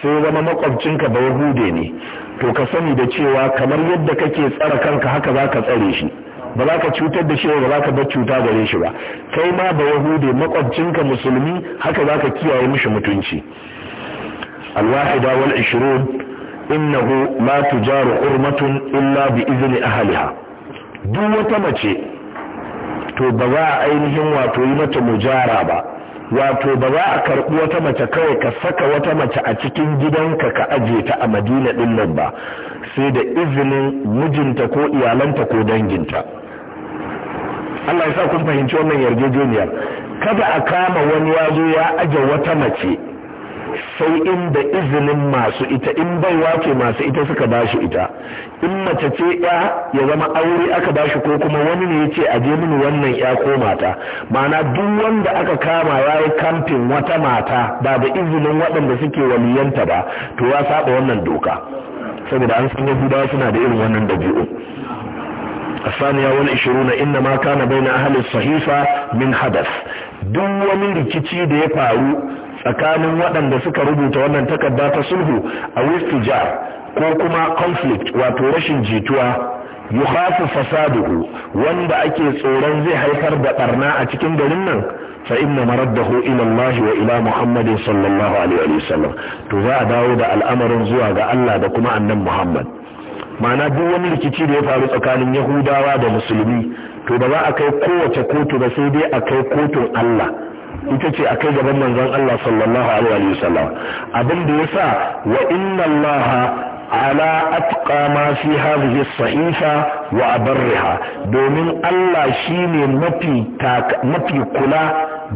sai zama makwabcinka ba yahude ne to ka sani da cewa kamar yadda kake tsara kanka haka za ka tsare shi ba za ka cutar da shi ba za ka bar cuta gare shi ba kai ma ba yahude makwabcinka musulmi haka za ka kiyaye mishi mutunci alwahida wal 20 innahu la tujaru hurmatun illa bi a ahliha duk wata mace to ba za a ainihin wato yi mata mujara ba wato ba za a karɓi wata mace kawai ka saka wata mace a cikin gidanka ka aje ta a madina ɗin nan ba sai da izinin mijinta ko iyalanta ko danginta Allah ya sa kun fahimci wannan yarjejeniyar kada a kama wani ya zo ya aje wata mace sai inda izinin masu ita in baiwa ce masu ita suka ba shi ita in mace ce ya ya zama aure aka ba shi. ko kuma wani ne ya a je mini wannan ya ko mata ma'ana duk wanda aka kama ya yi kamfin wata mata ba da izinin waɗanda suke waliyanta ba to ya saba wannan doka saboda an san yahudawa suna da irin wannan dabi'u الثانية والعشرون إنما كان بين أهل الصحيفة من حدث duk wani rikici da ya faru tsakanin waɗanda suka rubuta wannan takarda ta sulhu a wistijar ko kuma conflict wato rashin jituwa yukhafu fasaduhu wanda ake tsoron zai haifar da barna a cikin garin nan fa inna maraddahu ila Allah wa ila Muhammad sallallahu alaihi wa sallam to za a dawo da al'amarin zuwa ga Allah da kuma annan Muhammad ma'ana duk wani rikici da ya faru tsakanin Yahudawa da Musulmi to ba za a kai kowace kotu ba sai dai a kai kotun Allah ita ce a kai gaban manzon Allah sallallahu alaihi wa sallam abin da yasa wa inna Allah ala atqa ma fi hadhihi sahifa wa abarriha domin Allah shine mafi mafi kula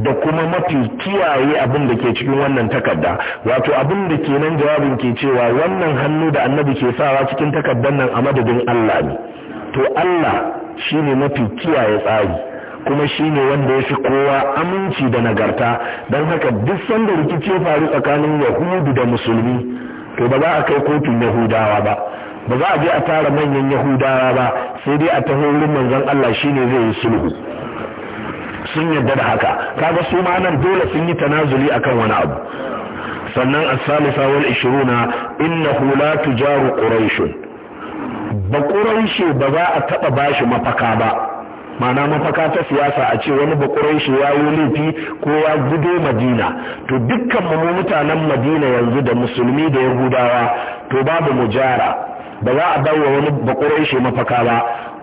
da kuma mafi kiyaye abin da ke cikin wannan takarda wato abin da kenan jawabin ke cewa wannan hannu da annabi ke sawa cikin takardar nan a madadin Allah ne to Allah shine mafi kiyaye tsari kuma shi ne wanda ya fi kowa aminci da nagarta don haka duk sanda rikici ya faru tsakanin yahudu da musulmi to ba za a kai kotun yahudawa ba ba za a je a tara manyan yahudawa ba sai dai a taho wurin manzon Allah shi ne zai yi sulhu sun yadda da haka kaga su ma nan dole sun yi tanazuli akan wani abu sannan as-salisa wal 20 innahu la tujaru quraish ba quraish ba za a taba bashi mafaka ba ma'ana mafaka ta siyasa a ce wani bakurai shi ya yi laifi ko ya gudo madina to dukkan mu mutanen madina yanzu da musulmi da yahudawa to babu mujara ba za a wa wani bakurai shi mafaka ba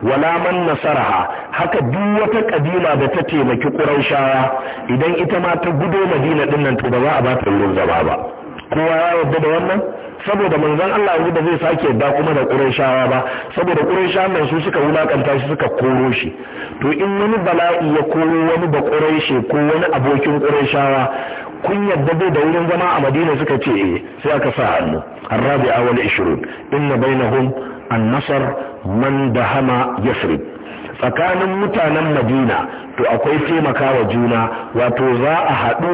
wala man nasaraha haka duk wata kabila da ta taimaki qurayshawa idan ita ma ta gudo madina dinnan to ba za a ba ta ruwan zaba ba kowa ya yarda da wannan saboda manzon Allah yanzu ba zai sake yarda kuma da Qurayshawa ba saboda Qurayshawa nan su suka wulakanta shi suka koro shi to in wani bala'i ya koro wani ba Qurayshi ko wani abokin Qurayshawa kun yarda bai da wurin zama a Madina suka ce eh sai aka sa hannu Arabi'a wal 20 inna bainahum an-nasr man dahama yasrib tsakanin mutanen Madina to akwai taimakawa juna wato za a haɗu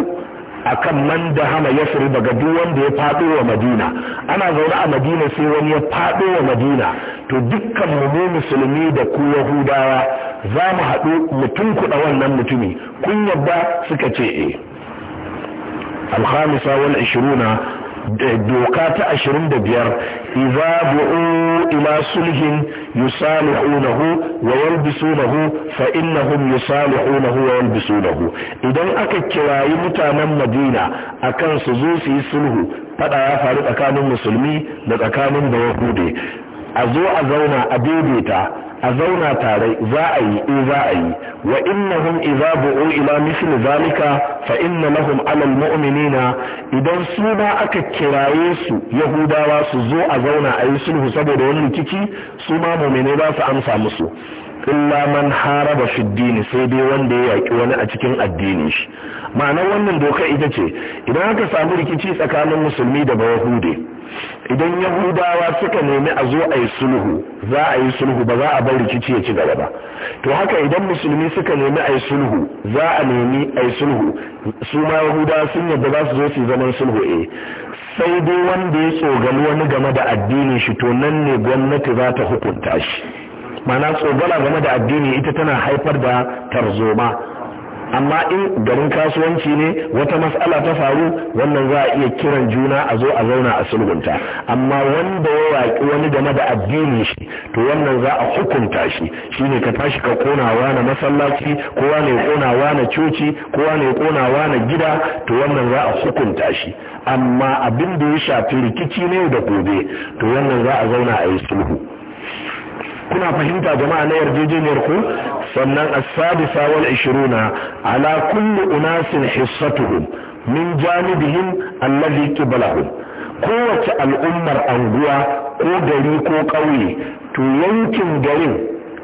akan man da hama ya furu daga duk wanda ya faɗo wa madina ana zaune a madina sai wani ya faɗo wa madina to dukkan mu musulmi da ku yahudawa za mu haɗu mutum kuɗa wannan mutumi kun yadda suka ce eh alhamisa wal doka ta ashirin da biyar iza bu'u ila sulhin yusalihunahu wa yalbisunahu fa innahum yusalihunahu wa yalbisunahu idan aka kirayi mutanen Madina akan su zo su yi sulhu fada ya faru tsakanin musulmi da tsakanin da yahude a zo a zauna a daidaita a zauna tare za a yi in za a yi wa innahum iza bu'u ila misli zalika fa inna lahum alal almu'minina idan su ba aka kiraye su yahudawa su zo a zauna a yi sulhu saboda wani rikici su ma mu'mine ba su amsa musu illa man haraba fi sai dai wanda ya yaki wani a cikin addinin shi ma'anar wannan doka ita ce idan aka samu rikici tsakanin musulmi da bayahude idan yahudawa suka nemi a zo a yi sulhu za a yi sulhu ba za a bar rikici ya ci gaba ba to haka idan musulmi suka nemi a yi sulhu za a nemi a yi sulhu su ma yahudawa sun yadda za su zo su yi zaman sulhu eh sai dai wanda ya tsogali wani game da addinin shi to nan ne gwamnati za ta hukunta shi mana tsogala game da addini ita tana haifar da tarzoma amma in garin kasuwanci ne wata mas'ala ta faru wannan za a iya kiran juna a zo a zauna a sulhunta amma wanda ya waƙi wani game da addini shi to wannan za a hukunta shi shine ka tashi ka konawa na masallaci kowa ne konawa na coci kowa ne konawa na gida to wannan za a hukunta shi amma abin da ya shafi rikici ne da gobe to wannan za a zauna a yi sulhu kuna fahimta jama'a na yarjejeniyar ku sannan as-sadisa wal 20 ala kulli unasin hissatuhum min janibihim allazi qiblahum kowace al'ummar anguwa ko gari ko ƙauye to yankin garin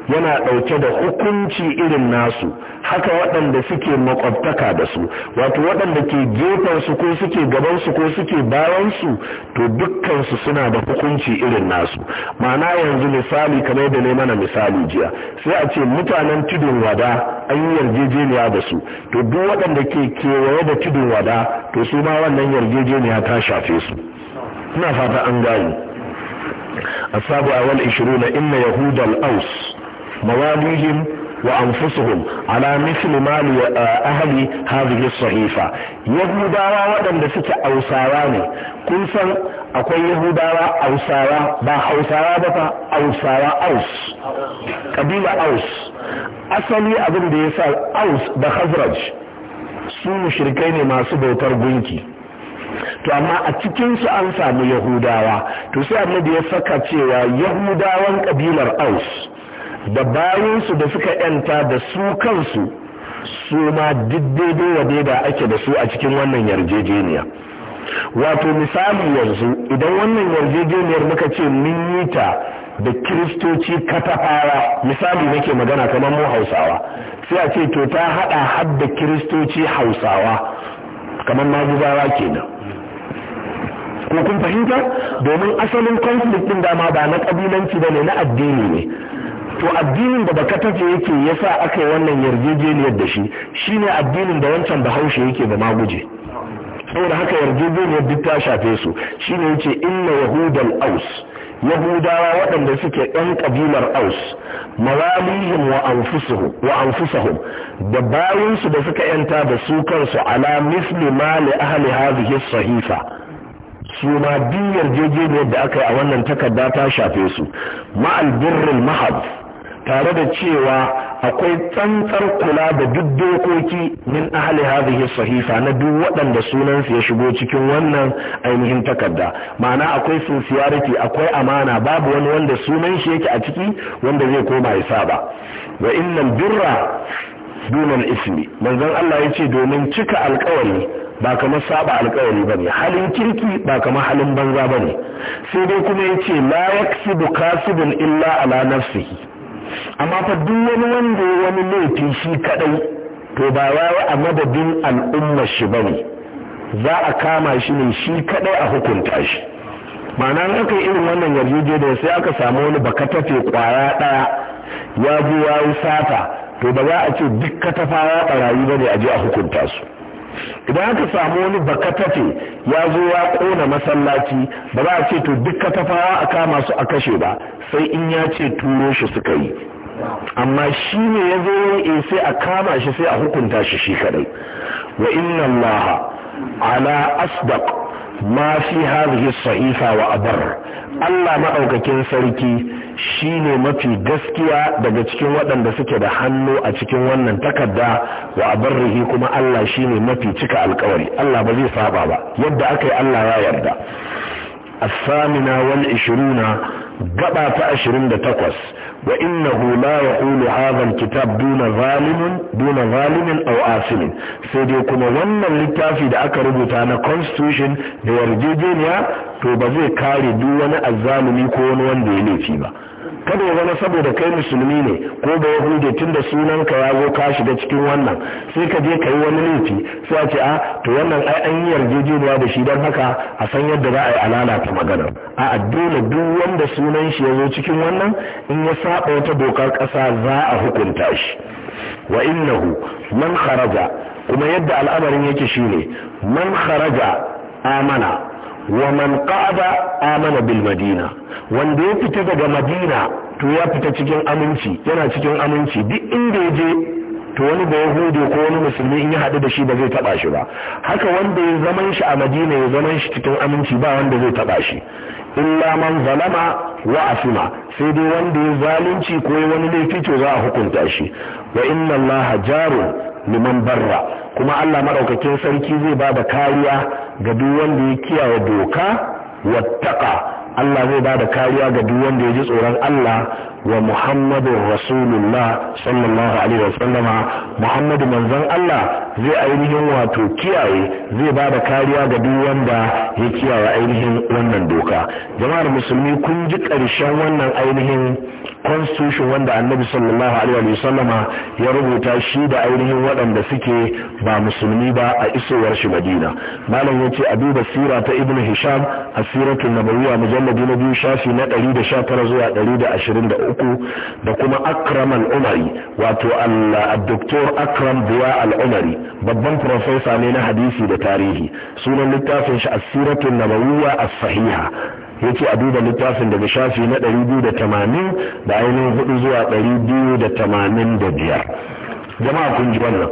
yana ɗauke da hukunci irin nasu haka waɗanda suke makwabtaka da su wato waɗanda ke gefansu ko suke gabansu ko suke bayansu to dukkansu suna da hukunci irin nasu ma'ana yanzu misali kamar da ne mana misali jiya sai a ce mutanen tudun wada an yi yarjejeniya da su to duk waɗanda ke kewaye da tudun wada to su ma wannan yarjejeniya ta shafe su ina fata an gani asabu awal 20 inna yahudal aus مواليهم وأنفسهم على مثل مال أهل هذه الصحيفة يهوداوا waɗanda suke ausawa ne kun san akwai yahudawa ausawa ba hausawa ba fa aus kabila aus asali abin da ya sa aus da khazraj su mushrikai ne masu bautar gunki to amma a cikinsu an samu yahudawa to sai annabi ya saka cewa yahudawan ƙabilar aus da bayansu da suka yanta da su kansu su ma daidai wa da ake da su a cikin wannan yarjejeniya wato misali yanzu idan wannan yarjejeniyar muka ce mun yi ta da kiristoci katafawa misali nake magana kamar mu hausawa sai a ce to ta hada har kiristoci hausawa kamar gizawa kenan ko kun fahimta domin asalin conflict din dama ba na kabilanci ne na addini ne to addinin da bakatafe yake yasa aka yi wannan yarjejeniyar da shi shine addinin da wancan bahaushe yake ba maguje saboda haka yarjejeniyar duk ta shafe su shine yace inna yahudal aus yahudawa waɗanda suke ɗan ƙabilar aus mawalihim wa anfusahum da bayansu da suka yanta da su kansu ala misli ma li ahli hadhihi sahifa su ma yarjejeniyar da aka yi a wannan takarda ta shafe su ma'al birrul mahad tare da cewa akwai tsantsar kula da duk dokoki min ahli hadhihi sahifa na duk waɗanda sunansu ya shigo cikin wannan ainihin takarda ma'ana akwai sincerity akwai amana babu wani wanda sunan shi yake a ciki wanda zai koma ya saba wa innal birra dunan ismi manzon Allah ya ce domin cika alkawari ba kamar saba alkawari bane halin kirki ba kamar halin banza bane sai dai kuma yace la yaksubu kasibun illa ala nafsihi amma fa duk wani wanda ya wani laifi shi kadai to ba wawa a madadin al'umma shi ba ne, za a kama shi ne shi kadai a hukunta shi Mana an aka irin wannan yarjejeniya sai aka samu wani tafe kwaya daya ya ji ya yi sata to ba za a ce duk katafawa barayi bane a je a hukunta su idan aka samu wani bakatafe ya zo ya kona masallaci ba za a ce to duk katafawa a kama su a kashe ba sai in ya ce turo shi suka yi amma shi ne ya zo e sai a kama shi sai a hukunta shi shi kadai wa inna allaha ala asdaq ma fi hadhihi sahifa wa abar Allah maɗaukakin sarki shi ne mafi gaskiya daga cikin waɗanda suke da hannu a cikin wannan takarda wa abarrihi kuma Allah shine mafi cika alkawari Allah ba zai saba ba yadda aka yi Allah ya yarda الثامنة والعشرون قبعة عشرين تقوس وإنه لا يقول هذا الكتاب دون ظالم دون ظالم sai dai kuma wannan littafi da aka rubuta na constitution da yarjejeniya to ba zai kare duk wani azzalumi ko wani wanda ya laifi ba kada ya zama saboda kai musulmi ne ko ba yahude tun da sunan ka ya zo ka shiga cikin wannan sai ka je ka yi wani laifi sai a ce a ah, to wannan ai an yi yarjejeniya da shi don haka a san yadda za a yi alala ta magana a dole duk wanda sunan shi ya zo cikin wannan in ya saba wata dokar ƙasa za a hukunta shi wa innahu man kharaja kuma yadda al'amarin yake shine man kharaja amana wa man qa'ada amana bil madina wanda ya fita daga madina to ya fita cikin aminci yana cikin aminci duk inda ya je to wani da yahudi ko wani musulmi in ya haɗu da shi ba zai taɓa shi ba haka wanda ya zaman shi a madina ya zaman shi cikin aminci ba wanda zai taɓa shi illa man zalama wa asima sai dai wanda ya zalunci ko ya wani laifi to za a hukunta shi wa inna allaha jaru liman barra kuma allah maɗaukakin sarki zai ba da kariya ga duk wanda ya kiyaye doka wattaka Allah zai bada kariya ga duk wanda ya ji tsoron Allah wa muhammadu rasulullah sallallahu alaihi wasallama muhammadu manzon Allah zai ainihin wato kiyaye zai bada kariya ga duk wanda ya kiyaye ainihin wannan doka jama'ar musulmi kun ji ƙarshen wannan ainihin constitution wanda annabi sallallahu alaihi wasallama ya rubuta shi da ainihin waɗanda suke ba musulmi ba a isowar shi madina malam ya ce a duba sira ta ibnu hisham a siratul nabawiyya mujalladi na biyu shafi na 119 zuwa 123 uku da kuma akram al-umari wato al-doktor akram buwa al-umari babban profesa ne na hadisi da tarihi sunan littafin shi asiratun siratul nabawiyya as-sahiha yace a duba littafin daga shafi na 280 da ainihin hudu zuwa 285 jama'a kun ji wannan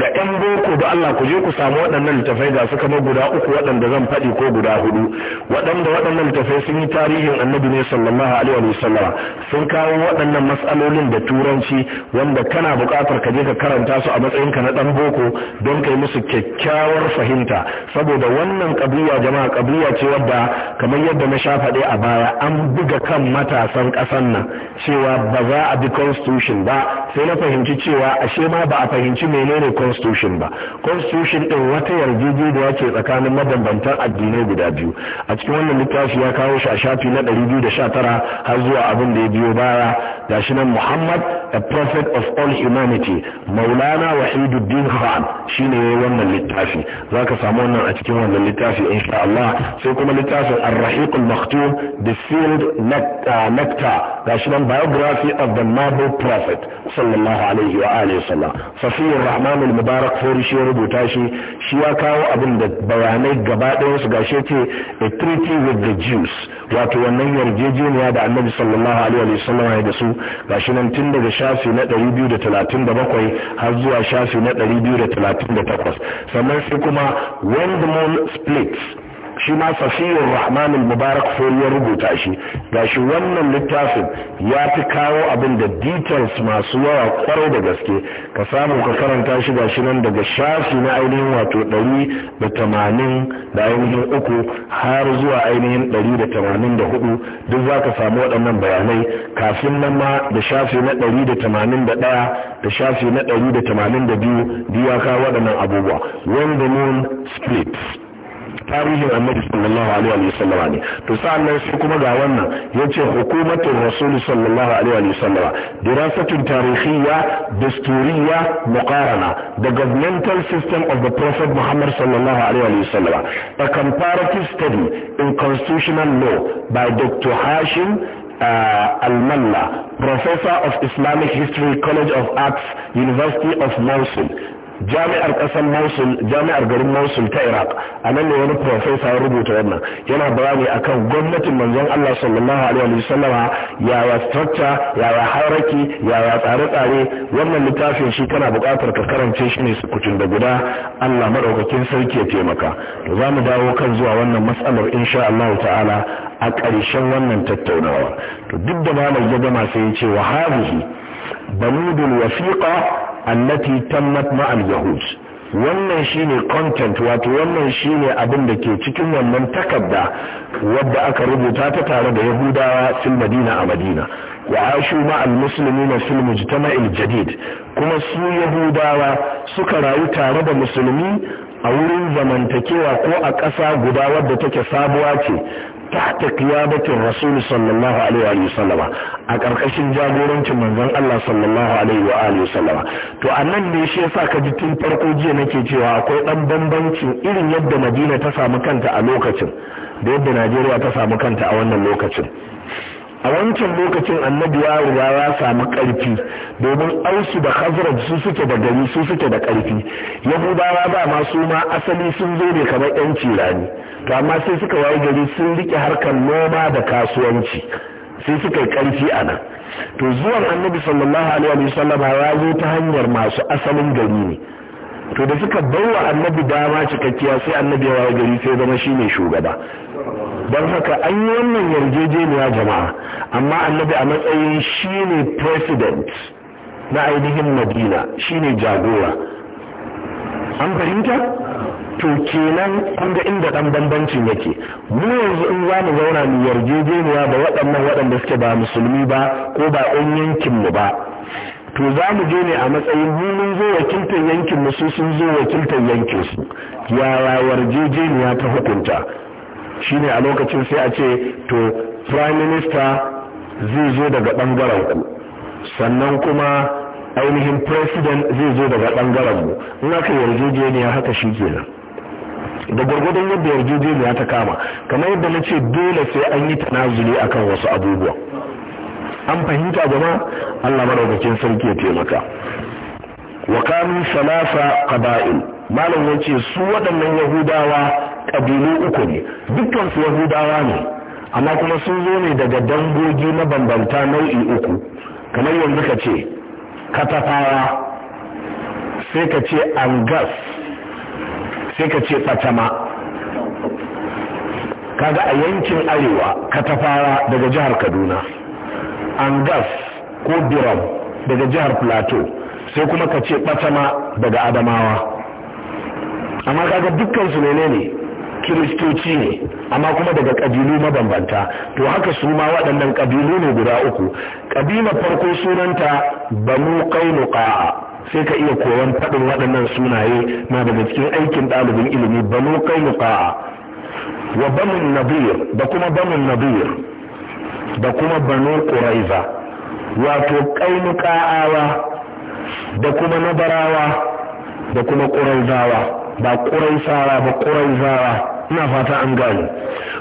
ga ɗan boko da Allah ku je ku samu waɗannan littafai ga su kamar guda uku waɗanda zan faɗi ko guda hudu waɗanda waɗannan littafai sun yi tarihin annabi ne sallallahu alaihi wa sallam sun kawo waɗannan matsalolin da turanci wanda kana buƙatar ka je ka karanta su a matsayinka na ɗan boko don kai musu kyakkyawar fahimta saboda wannan ƙabiya jama'a kabiya ce wadda kamar yadda na sha faɗe a baya an buga kan matasan ƙasan nan cewa ba za a bi constitution ba sai na fahimci cewa ashe ma ba a fahimci mene menene constitution ba constitution din wata yarjejeniya ce tsakanin mabambantan addinai guda biyu a cikin wannan littafi ya kawo shi a shafi na 219 har zuwa abin da ya biyo baya gashi nan Muhammad a prophet of all humanity Maulana Wahiduddin Khan shine yayin wannan littafi zaka samu wannan a cikin wannan littafi insha Allah sai kuma littafin Ar-Rahiq al-Maktum The Sealed ah, Nectar gashi nan biography of the noble prophet sallallahu alaihi wa alihi wasallam Safiyur imam al-mubarak fori shi ya rubuta shi shi ya kawo abin da bayanai gaba ɗayan su gashe ce a treaty with the jews wato wannan yarjejeniya da annabi sallallahu alaihi wa sallam ya da su gashi nan tun daga shafi na 237 har zuwa shafi na 238 sannan sai kuma when the moon splits shi ma safiyar rahman mubarak fori ya rubuta shi gashi wannan littafin ya fi kawo abin da details masu yawa kwarai da gaske ka samu ka karanta shi gashi nan daga shafi na ainihin wato ɗari da tamanin da ainihin uku har zuwa ainihin ɗari da tamanin da hudu duk za ka samu waɗannan bayanai kafin nan ma da shafi na ɗari da tamanin da ɗaya da shafi na ɗari da tamanin da biyu duk ya kawo waɗannan abubuwa when the moon splits tarihin annabi sallallahu alaihi wa sallama ne to sa'annan sai kuma ga wannan yace hukumatul rasul sallallahu alaihi wa sallama dirasatun tarihiyya dasturiyya muqarana the governmental system of the prophet muhammad sallallahu alaihi wa sallama a comparative study in constitutional law by dr hashim uh, al-malla professor of islamic history college of arts university of mosul jami'ar ƙasar Mosul jami'ar garin Mosul ta Iraq a nan ne wani profesa ya rubuta wannan yana bayani akan gwamnatin manzon Allah sallallahu alaihi wa sallama yaya structure yaya hierarchy yaya tsare-tsare wannan littafin shi kana buƙatar ka karance shi ne sukucin da guda Allah maɗaukakin sarki ya taimaka to za mu dawo kan zuwa wannan matsalar insha Allah ta'ala a ƙarshen wannan tattaunawa to duk da malam ya gama sai ya ce wa hadhihi banudul wasiqa allati tammat ma'al yahud wannan shine content wato wannan shine abin da ke cikin wannan takarda wadda aka rubuta ta tare da yahudawa fil madina a madina wa ashu ma'al muslimina fil mujtama'il jadid kuma su yahudawa suka rayu tare da musulmi a wurin zamantakewa ko a ƙasa guda wadda take sabuwa ce tahta qiyadatir rasul sallallahu alaihi wa sallama a karkashin jagorancin manzon Allah sallallahu alaihi wa alihi sallama to anan ne shi yasa ka ji tun farko jiya nake cewa akwai dan bambancin irin yadda Madina ta samu kanta a lokacin da yadda Najeriya ta samu kanta a wannan lokacin a wancan lokacin annabi ya riga ya samu ƙarfi domin ausu da khazraj su suke da gari su suke da ƙarfi yahudawa ba ma su ma asali sun zo ne kamar yanci cirani to amma sai suka wayi gari sun rike harkar noma da kasuwanci sai suka yi ƙarfi a nan to zuwan annabi sallallahu alaihi wa sallama ya zo ta hanyar masu asalin gari ne to da suka wa annabi dama cikakkiya sai annabi ya wayi gari sai zama shine shugaba don haka an yi wannan yarjejeniya jama'a amma annabi a matsayin shi ne president na ainihin madina shi ne jagora an fahimta to kenan an ga inda dan bambancin yake mu yanzu in za mu zauna mu yarjejeniya da waɗannan waɗanda suke ba musulmi ba ko ba ɗan yankinmu ba to za mu je ne a matsayin mun zo wakiltar yankin mu su sun zo wakiltar yankin su yaya yarjejeniya ta hukunta Shi ne a lokacin sai a ce to prime minister zai zo daga bangaren ku sannan kuma ainihin president zai zo daga bangaren mu in aka yarjejeniya haka shi kenan da gwargwadon yadda yarjejeniya ta kama kamar yadda na ce dole sai an yi tanazuli akan wasu abubuwa an fahimta jama'a Allah maraukacin sarki ya taimaka wa kanu salasa qaba'il malam yace su waɗannan yahudawa kabilu uku ne dukkan su yahudawa ne amma kuma sun zo ne daga dangogi bambanta nau'i uku kamar yanzu ka ce katafawa sai ka ce angas sai ka ce fatama kaga a yankin arewa katafawa daga jihar kaduna angas ko biram daga jihar plateau sai kuma ka ce ɓatama daga adamawa amma kaga dukkan su ne kiristoci ne amma kuma daga ƙabilu mabambanta to haka su ma waɗannan ƙabilu ne guda uku ƙabilar farko sunanta banu ƙa'a sai ka iya koyon faɗin waɗannan sunaye na daga cikin aikin ɗalibin ilimi banu ƙa'a wa banu nabir da kuma banu nabir da kuma banu ƙuraiza wato ƙa'awa da kuma nabarawa da kuma ƙuraizawa ba ƙuraisawa ba ƙuraizawa ina fata an gane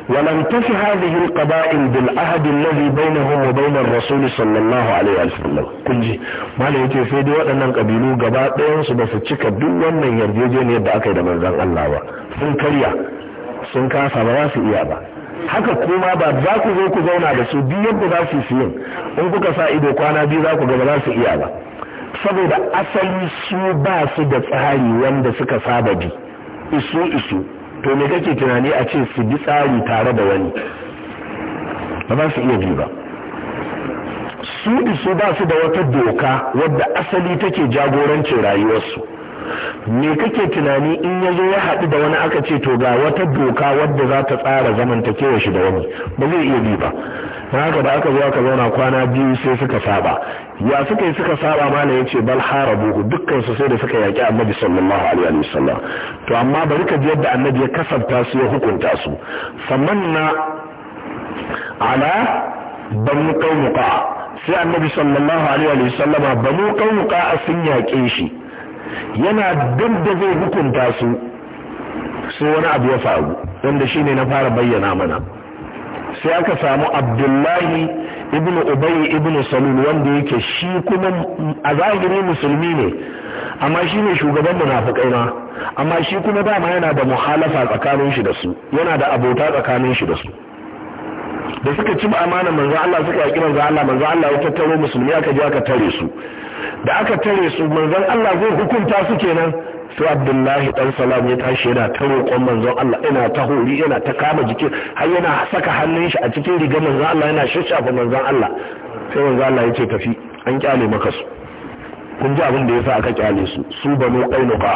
ولم bai هذه القبائل بالعهد الذي بينهم وبين الرسول صلى الله عليه وسلم kunji malai yake sai dai waɗannan kabilu gaba ɗayan su ba su cika duk wannan yarjejeniyar da aka yi da manzon Allah ba sun karya sun kasa ba za su iya ba haka kuma ba za ku zo ku zauna da su biyar yadda za su yi in kuka sa ido kwana biyu za ku ga ba za su iya ba saboda asali su ba su da tsari wanda suka saba bi isu isu to me kake tunani a ce su bi tsari tare da wani ba za su iya bi ba su isu ba su da wata doka wadda asali take jagorancin rayuwarsu me kake tunani in yazo ya haɗu da wani aka ce to ga wata doka wadda za ta tsara zamantakewa shi da wani ba zai iya bi ba Na haka da aka zo aka zauna kwana biyu sai suka saba ya suka yi suka saba malam yace bal harabu dukkan su sai da suka yaki annabi sallallahu alaihi wasallam to amma bari ka ji yadda annabi ya kasabta su ya hukunta su famanna ala banu qawmuqa sai annabi sallallahu alaihi wasallama banu qawmuqa sun yaƙe shi yana duk da zai hukunta su sai wani abu ya faru wanda shine na fara bayyana mana sai aka samu abdullahi ibn ubayi ibn salul wanda yake shi kuma a zahiri musulmi ne amma shi ne shugaban munafikai ma amma shi kuma dama yana da muhalafa tsakanin shi da su yana da abota tsakanin shi da su da suka ci amana manzo Allah suka yaki manzo Allah manzo Allah ya tattaro musulmi aka je aka tare su da aka tare su manzo Allah zai hukunta su kenan sai abdullahi dan salam ya tashi yana ta roƙon manzon Allah ina ta hori yana ta kama jiki har yana saka hannun shi a cikin rigar manzon Allah yana shashafa manzon Allah sai manzon Allah ya ce tafi an kyale maka su kun ji abin da yasa aka kyale su su ba mu ainu ba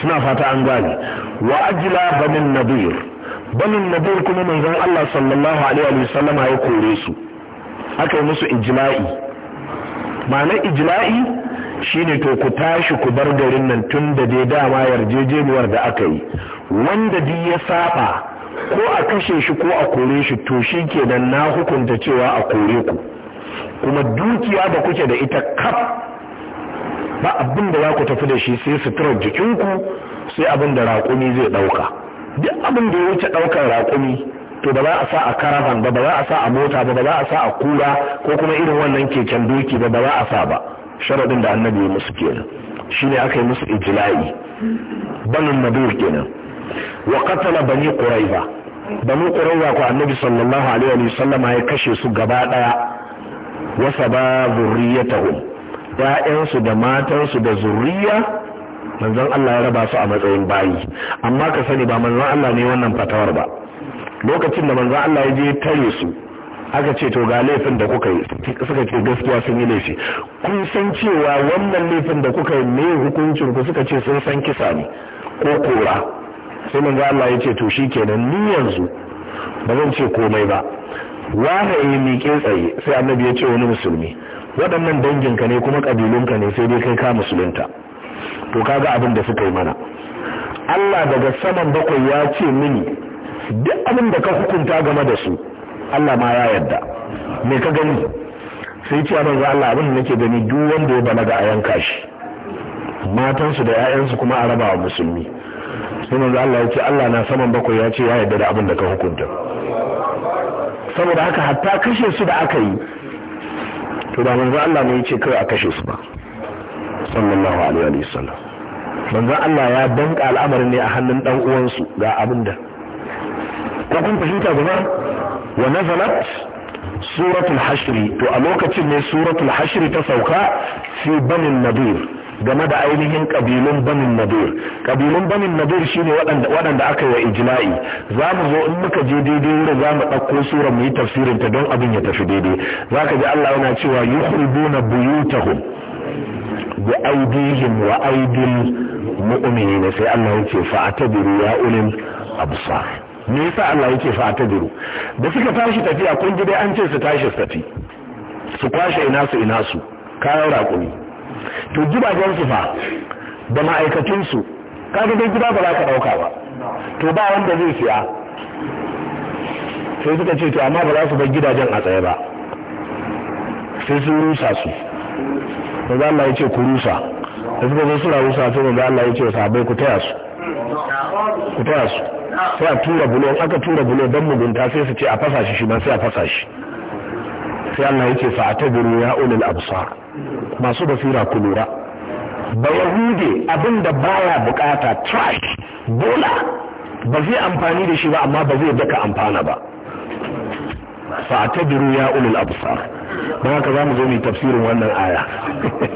suna fata an gane wa ajla banin nadir banin nadir kuma manzon Allah sallallahu alaihi wa sallam ya kore su aka yi musu ijla'i ma'ana ijla'i shine to ku tashi ku bar garin nan tun da dai dama yarjejeniyar da aka yi wanda duk ya saba ko a kashe shi ko a kore shi to shi kenan na hukunta cewa a kore ku kuma dukiya da kuke da ita kaf ba abin da za ku tafi da shi sai suturar jikinku sai abin da raƙumi zai ɗauka duk abin da ya wuce ɗaukar raƙumi to ba za a sa a karavan ba ba za a sa a mota ba ba za a sa a kura ko kuma irin wannan keken doki ba ba za a sa ba sharadin da annabi ya musu kenan shine aka yi musu ijila'i banin nadur kenan wa qatala bani quraiza bani quraiza ku annabi sallallahu alaihi wa sallama ya kashe su gaba ba wa saba zurriyatahum ƴaƴansu da matansu da zurriya manzon Allah ya raba su a matsayin bayi amma ka sani ba manzan Allah ne wannan fatawar ba lokacin da manzon Allah ya je tare su aka ce to ga laifin da kuka yi suka ce gaskiya sun yi laifi kun san cewa wannan laifin da kuka yi ne hukuncin ku suka ce sun san kisa ne ko kora sai ga Allah ya ce to shikenan ni yanzu ba zan ce komai ba wani miƙe tsaye sai annabi ya ce wani musulmi waɗannan dangin ka ne kuma ƙabilunka ne sai dai kai ka musulunta to kaga abin da suka yi mana Allah daga saman bakwai ya ce mini duk abin da ka hukunta game da su Allah ma ya yarda me ka gani sai ce manzo Allah abin da nake gani duk wanda ya balaga a yanka shi matansu da 'ya'yansu kuma a raba wa musulmi sai manzo Allah ya ce Allah na saman bakwai ya ce ya yarda da abin da ka hukunta saboda haka hatta kashe su da aka yi to da manzo Allah ne ya ce kawai a kashe su ba sallallahu alaihi wa sallam manzo Allah ya danka al'amarin ne a hannun dan uwansu ga abin da ko kun fahimta ba wa nazalat suratul hashri to a lokacin ne suratul hashri ta sauka fi banin nadir game da ainihin kabilun banin nadir kabilun banin nadir shine waɗanda aka yi wa ijla'i za mu zo in muka je daidai wurin za mu ɗauko surar mu yi tafsirin ta don abin ya tafi daidai za ka ji Allah yana cewa yukhrijuna buyutahum bi aidihim wa aidil mu'minina sai Allah yake fa atabiru ya ulil absar me yasa Allah yake fa ta duru da suka tashi tafiya kun ji dai an ce su tashi su tafi su kwashe ina su ina su kayan raƙumi to gidajen su fa da ma'aikatun su kaga dai gida ba za ka ɗauka ba to ba wanda zai siya sai suka ce to amma ba za su bar gidajen a tsaye ba sai sun rusa su manzo Allah ya ce ku rusa da suka zo suna rusa sai manzo Allah ya ce sabai ku taya su ku taya su sai a tura bulo aka tura bulo don mugunta sai su ce a fasa shi ma sai a fasa shi sai Allah yake fa'atabiru ya ulul absar masu basira ku lura ba yahude abin da baya bukata trash bola ba zai amfani da shi ba amma ba zai daka amfana ba fa'atabiru ya ulul absar don haka zamu zo mu tafsirin wannan aya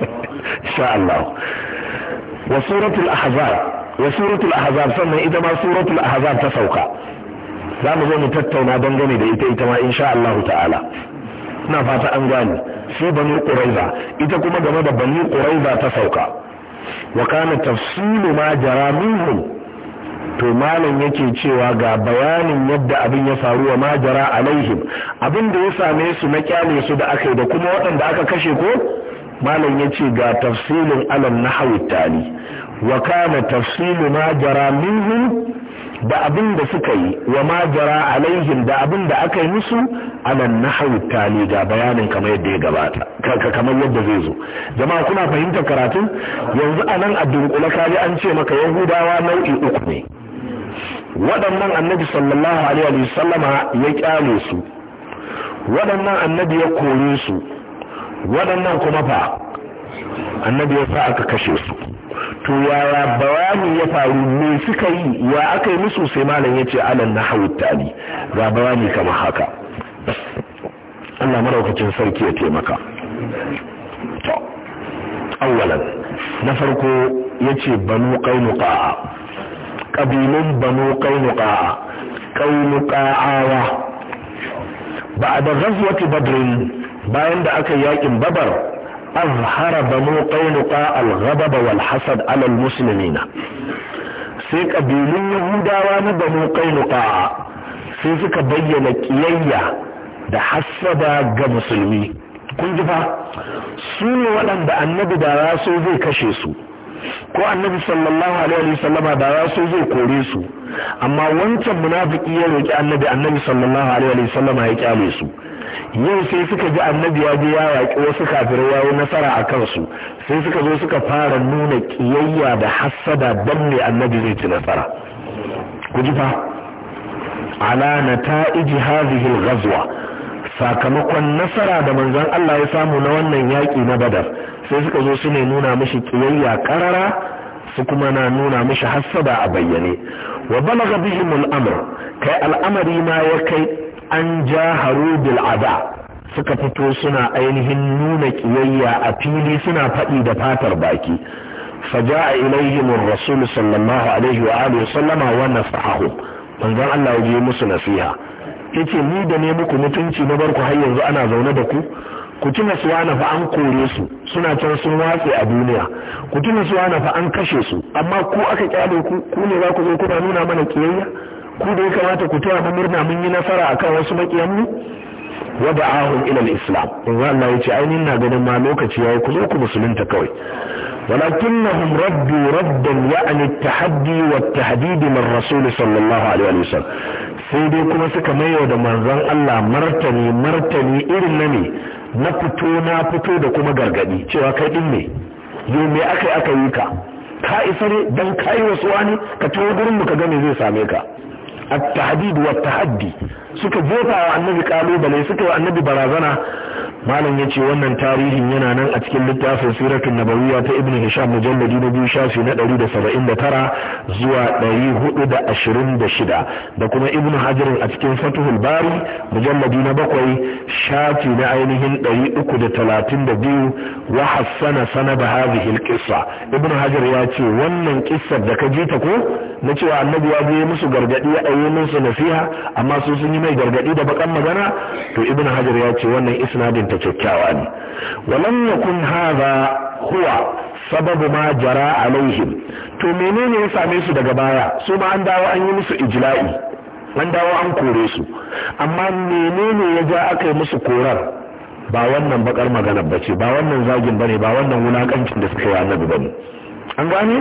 insha Allah wa suratul ahzab wa suratul ahzab sannan ita ma suratul ahzab ta sauka za mu zo mu tattauna dangane da ita ita ma insha Allah ta'ala ina fata an gane sai bani quraiza ita kuma game da bani quraiza ta sauka wa kana tafsilu ma jara minhum to malam yake cewa ga bayanin yadda abin ya faru wa ma jara alaihim abin da ya same su na kyale su da aka yi da kuma waɗanda aka kashe ko malam yace ga tafsilin alam nahwi tali wa kana tafsilu ma jara minhum da abin da suka yi wa ma jara alaihim da abin da aka yi musu alan nahwu tali ga bayanin kamar yadda ya gabata kamar yadda zai zo jama'a kuna fahimtar karatun yanzu anan a dunkule kaji an ce maka yahudawa nau'i uku ne waɗannan annabi sallallahu alaihi wa sallama ya kyale su waɗannan annabi ya kore su waɗannan kuma fa annabi ya sa aka kashe su to yaya bayani ya faru me suka yi wa aka yi musu sai malam ya ce alal na tali ga bayani kamar haka Allah maraukacin sarki ya taimaka to awwalan na farko ya ce banu qainuqa qabilun banu qainuqa qainuqaawa ba da ghazwati badr bayan da aka yakin babar azhara banu qainuqa al-ghadab wal hasad ala al-muslimina sai kabilun yahudawa na banu qainuqa sai suka bayyana ƙiyayya da hasada ga musulmi kun ji fa waɗanda annabi da ya zai kashe su ko annabi sallallahu alaihi wasallama da ya so zai kore su amma wancan munafiki ya roki annabi annabi sallallahu alaihi wasallama ya kyale su yau sai suka ji annabi ya je ya yaƙi wasu kafir ya yi nasara a kansu sai suka zo suka fara nuna ƙiyayya da hassada don ne annabi zai ci nasara ku ji fa ala nata'iji hadhihi ghazwa sakamakon nasara da manzon Allah ya samu na wannan yaƙi na Badar sai suka zo su ne nuna mishi kiyayya karara su kuma na nuna mashi hassaba a bayyane wa balagha bihim al-amr kai al'amari ma ya kai an jaharu bil ada suka fito suna ainihin nuna kiyayya a fili suna faɗi da fatar baki فجاء إليهم الرسول صلى الله عليه وآله وسلم ونفعهم manzon Allah ya je musu nasiha yace ni da ne muku mutunci na barku har yanzu ana zaune da ku ku tuna su wani fa an kore su suna can sun watse a duniya ku tuna su wani fa an kashe su amma ku aka kyale ku ku ne za ku zo kuna nuna mana kiyayya ku da ya kamata ku tuna mu murna mun yi nasara akan wasu makiyan mu wa da'ahum ila al-islam in Allah ya ainihin na ganin ma lokaci yayi ku zo ku musulunta kawai ولكنهم ردوا ردا يعني التحدي والتهديد من الرسول sallallahu alaihi wa وسلم sai dai kuma suka maiwa da manzon Allah martani martani irin na ne na fito na fito da kuma gargaɗi, cewa kai ɗin ne yo me aka aka yi ka ka isa ne dan kai wasu wani ka tawo gurin mu ka ga me zai same ka at-tahdid wa tahaddi suka jefa wa annabi kalubale suka yi annabi barazana malam ya ce wannan tarihin yana nan a cikin littafin siratun nabawiya ta ibn hisham mujalladi na biyu shafi na tara zuwa 426 da kuma ibn hajar a cikin fatuhul bari mujalladi na bakwai shafi na ainihin 332 wa hassana da hadhihi alqissa ibn hajar ya ce wannan kissar da ka ji ta ko na cewa annabi ya je musu gargadi a yi musu nasiha amma su sun yi mai gargadi da bakan magana to ibn hajar ya ce wannan isnadin ta kyakkyawa ne walam yakun hadha huwa sababu ma jara alaihim to menene ya same su daga baya su ma an dawo an yi musu ijla'i an dawo an kore su amma menene ya ja aka yi musu korar ba wannan bakar magana bace ba wannan zagin bane ba wannan wulakancin da suka yi annabi bane an gane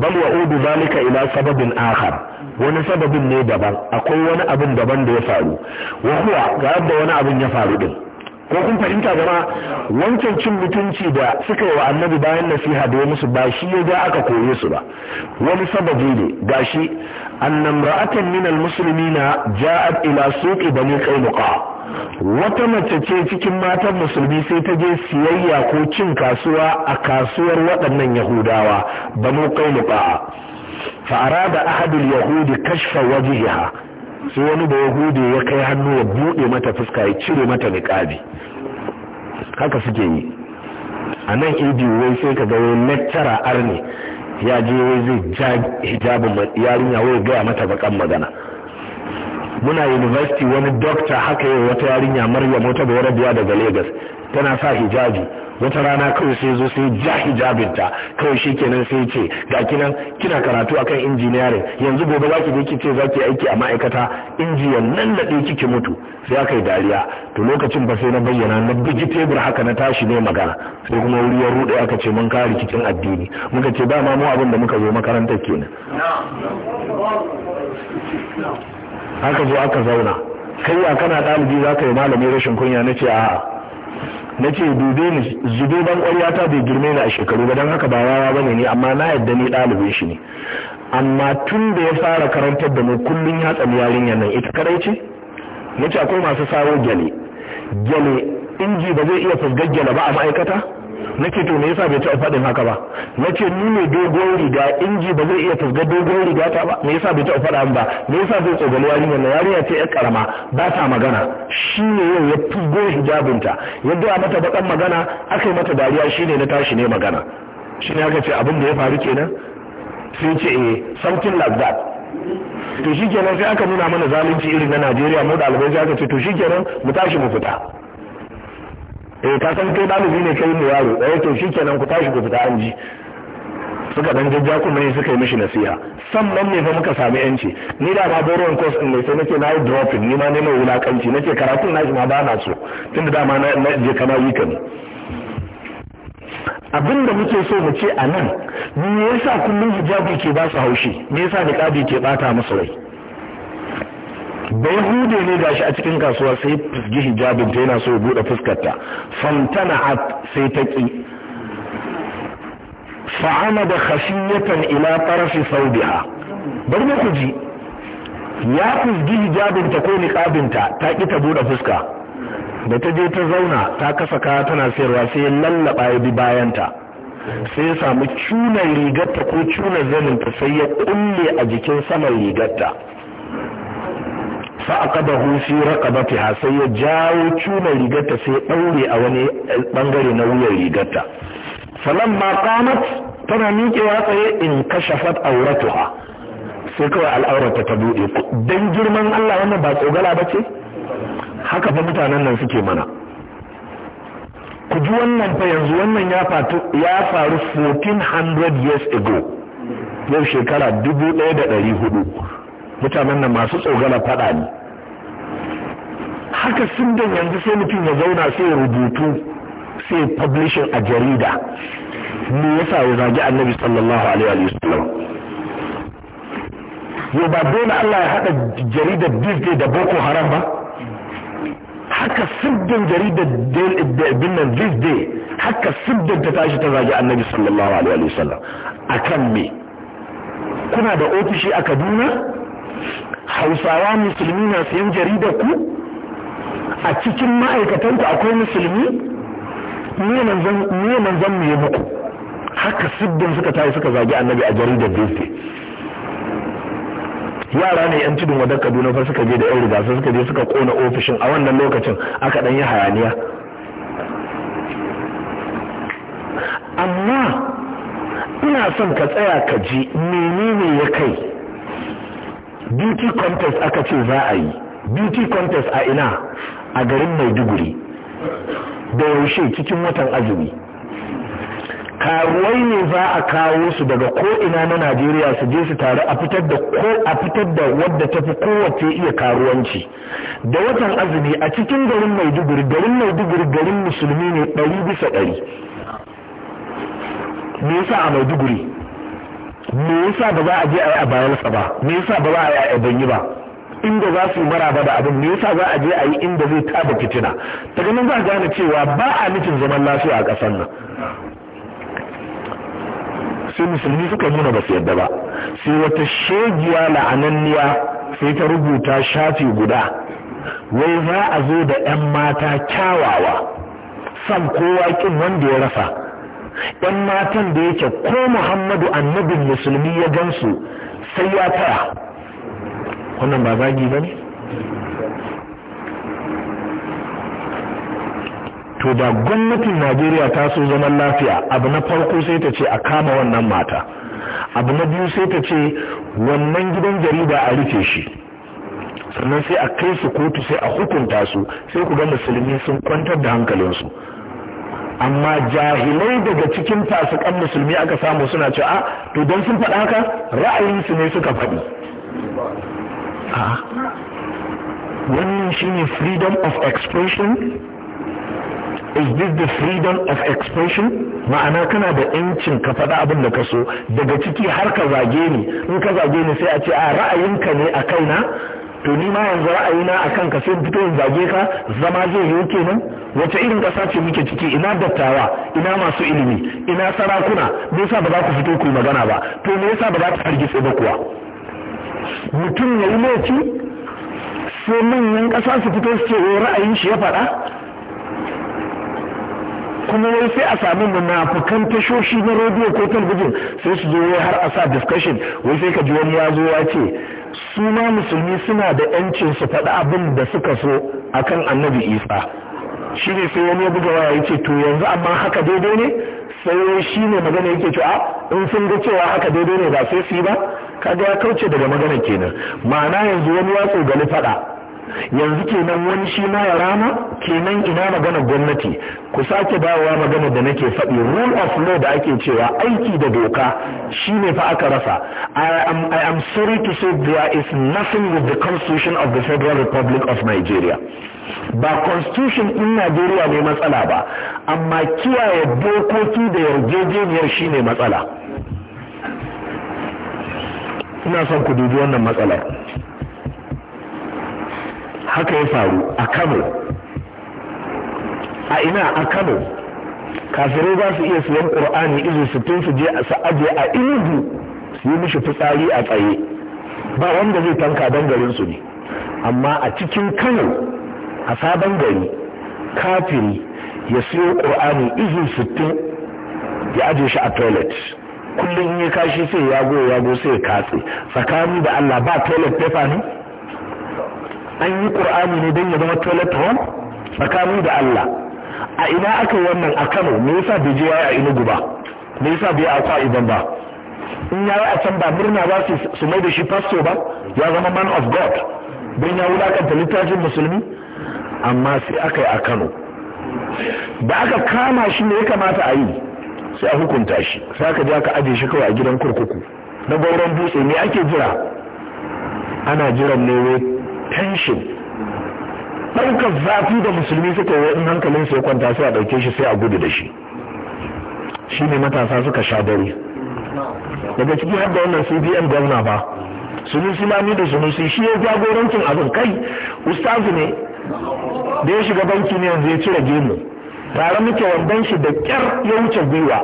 bal wa udu zalika ila sababin akhar wani sababin ne daban akwai wani abin daban da ya faru wa huwa ga yadda wani abin ya faru din ko kun fahimta gama wancan cin mutunci da suka yi wa annabi bayan nasiha da ya musu ba shi ya ga aka koye su ba wani sababi ne ga shi annan ra'atan min na ja'at ila suqi bani qainuqa wata mace ce cikin matan musulmi sai ta je siyayya ko cin kasuwa a kasuwar waɗannan yahudawa bani qainuqa fa arada ahadul yahudi kashfa wajhiha sai wani da ya hude ya kai hannu ya buɗe mata fuska ya cire mata niƙabi haka suke yi a nan idi wai sai ka ga wani lecturer arne ya je wai zai ja hijabin yarinya wai gaya mata bakan magana muna university wani doctor haka yau wata yarinya maryam wata biya daga lagos tana sa hijabi wata rana kawai sai zo sai ja hijabinta kawai shi kenan sai ce ga kinan kina karatu akan injiniyarin yanzu gobe zaki ki je ki ce za aiki a ma'aikata injiyan nan da ɗaya kike mutu sai aka yi dariya to lokacin ba sai na bayyana na bigi tebur haka na tashi ne magana sai kuma wuri ya rude aka ce mun kare rikicin addini muka ce ba ma mu abin da muka zo makarantar kenan haka zo aka zauna kai ya kana ɗalibi za ka yi malami rashin kunya na ce a'a na ce dube ni ban ƙwarya ta bai girme ni a shekaru ba don haka ba yawa bane ne amma na yadda ni ɗalibin shi ne amma tun da ya fara karantar da mu kullum ya tsami yarinyar nan ita karai ce na ce akwai masu sawo gyale gyale inji ba zai iya fusgar gyale ba a ma'aikata nake to me yasa bai taɓa faɗin haka ba nace ni ne dogon riga inji ba zai iya tasga dogon riga ta ba me yasa bai taɓa faɗa ba me yasa zai tsogali yarinyar na yarinya ce yar karama ba ta magana shi yau ya figo hijabinta yadda a mata bakan magana aka yi mata dariya shi na tashi ne magana shi ne aka ce abin da ya faru kenan sai ce eh something like that to shi kenan sai aka nuna mana zalunci irin na Najeriya mu ɗalibai sai aka ce to shi kenan mu tashi mu fita eh ka san kai ɗalibi ne kai mu yaro eh to shikenan ku tashi ku fita an ji suka dan jajja kuma ne suka yi mishi nasiha sannan ne fa muka sami yanci ni da ma boron course din ne sai nake na yi dropping ni ma ne mai wulakanci nake karatun na shi ma ba na so tunda da ma na je kana ne abin da muke so mu ce a nan me yasa kullum hijabi ke ba su haushi me yasa niqabi ke bata musu rai bai hude ne gashi a cikin kasuwa sai fusgi hijabin ta yana so ya bude fuskarta famtana'at sai ta ki fa'amada khashiyatan ila tarafi saudiha bari ku ji ya fusgi hijabinta ko niƙabinta ta ki ta bude fuska da ta je ta zauna ta kasa kaya tana sayarwa sai ya lallaba ya bi bayanta sai ya samu cunan rigarta ko cunan zanin ta sai ya kulle a jikin saman rigarta fa'aqadahu fi raqabatiha sai ya jawo cuna rigarta sai daure a wani eh, bangare na wuyar rigarta falamma qamat tana miƙewa tsaye in kashe kashafat auratuha sai kawai al'aurata ta buɗe Dan girman Allah wannan ba tsogala ba ce haka fa mutanen nan suke mana kuji wannan fa yanzu wannan ya faru 1400 years ago yau shekara ɗaya da ɗari 1400 mutanen nan masu tsogala faɗa ne haka sun dan yanzu sai mutum ya zauna sai rubutu sai ya publishing a jarida me yasa ya zagi annabi sallallahu alaihi wasallam yau ba dole Allah ya haɗa jaridar Disney da Boko Haram ba haka siddin jaridar binnan Disney haka siddin ta tashi ta zagi annabi sallallahu alaihi wasallam akan me kuna da ofishi a Kaduna hausawa musulmi na siyan jaridar ku a cikin ma'aikatanku akwai musulmi ne manzan mu ya muku haka siddin suka tayi suka zagi annabi a jaridar dace yara ne yan tudun wadar kaduna fa suka je da yan rigasa suka je suka kona ofishin a wannan lokacin aka dan yi hayaniya amma ina son ka tsaya ka ji menene ya kai beauty contest aka ce za a yi beauty contest a ina a garin maiduguri da yaushe cikin watan azumi karuwai ne za a kawo su daga ko'ina na najeriya su je su tare a fitar da ko a fitar da wadda tafi kowace iya karuwanci da watan azumi a cikin garin maiduguri garin maiduguri garin musulmi ne ɗari bisa ɗari me yasa a maiduguri me yasa ba za a je a yi a bayansa ba me yasa ba za a yi a banyi ba inda za su mara ba da abin me yasa za a je a yi inda zai tada fitina daga nan za a gane cewa ba a nufin zaman lafiya a ƙasar nan sai musulmi suka nuna ba su yadda ba sai wata shegiya la'ananniya sai ta rubuta shafi guda wai za a zo da 'yan mata kyawawa san kowa kin wanda ya rasa ɗan matan da yake ko Muhammadu annabin musulmi ya gansu sai ya tara wannan ba zagi ba ne? to da gwamnatin Najeriya ta so zaman lafiya abu na farko sai ta ce a kama wannan mata abu na biyu sai ta ce wannan gidan jarida a rufe shi sannan sai a kai su kotu sai a hukunta su sai ku ga musulmi sun kwantar da hankalinsu amma jahilai daga cikin fasikan musulmi aka samu suna ce a ah, to don sun faɗa haka ra'ayinsu ne suka faɗi ah. wannan shine freedom of expression is this the freedom of expression ma'ana kana da yancin ka faɗa abin da ka so daga ciki har ka zage ni in ka zage ni sai a ce a ah, ra'ayinka ne a kaina to ni ma yanzu ra'ayina a kanka sai fito in zage ka zama zai yiwu kenan wace irin ƙasa ce muke ciki ina dattawa ina masu ilimi ina sarakuna me yasa ba za ku fito ku magana ba to me yasa ba za ku hargitse ba kuwa mutum ya yi laifi sai manyan kasa su fito su ce eh, ra'ayin shi ya faɗa kuma wai sai a sami munafukan tashoshi na rediyo ko talbijin sai su zo wai har a sa discussion wai sai ka ji wani ya zo ya ce su ma musulmi suna da yancin su faɗi abin da suka so akan annabi isa shi ne sai wani ya buga waya ya ce to yanzu amma haka daidai ne sai shi ne magana yake cewa ah, in sun ga cewa haka daidai ne ba sai su yi ba kaga ya kauce daga magana kenan ma'ana yanzu wani ya tsogani faɗa yanzu kenan wani shi ma ya rama kenan ina magana gwamnati ku sake dawowa magana da nake faɗi rule of law da ake cewa aiki da doka shine fa aka rasa I am, sorry to say there is nothing with the constitution of the Federal Republic of Nigeria ba constitution in nigeria ne matsala ba amma kiyaye dokoki da yarjejeniyar shine matsala ina son ku dubi wannan matsalar haka ya faru a kano a ina a kano kafirai za su iya siyan ƙur'ani izu sittin su je su aje a inugu su yi mishi fitsari a tsaye ba wanda zai tanka don garin su ne amma a cikin kano a sabon gari kafin ya siyo ƙur'ani izu sittin ya aje shi a toilet kullum in ya kashi sai ya goya ya go sai ya katse tsakani da allah ba toilet paper ne an yi ƙur'ani ne don ya zama toilet home tsakani da Allah a ina aka yi wannan a Kano me yasa bai je yayi a Enugu ba me yasa bai a akwa idan ba in yi a can ba murna ba su su mai da shi pastor ba ya zama man of God don ya wulakanta littafin musulmi amma sai aka yi a Kano da aka kama shi ne ya kamata a yi sai a hukunta shi sai aka je aka aje shi kawai a gidan kurkuku na gauran dutse me ake jira ana jiran ne tension ɗaukar zafi da musulmi suka yi in hankalin sai kwanta sai a ɗauke shi sai a gudu da shi shi ne matasa suka sha dare daga ciki har da wannan cbn gwamna ba sunusi mami da sunusi shi ya jagorancin abin kai ustazu ne da ya shiga banki ne yanzu ya cire gemu tare muke wandon shi da kyar ya wuce gwiwa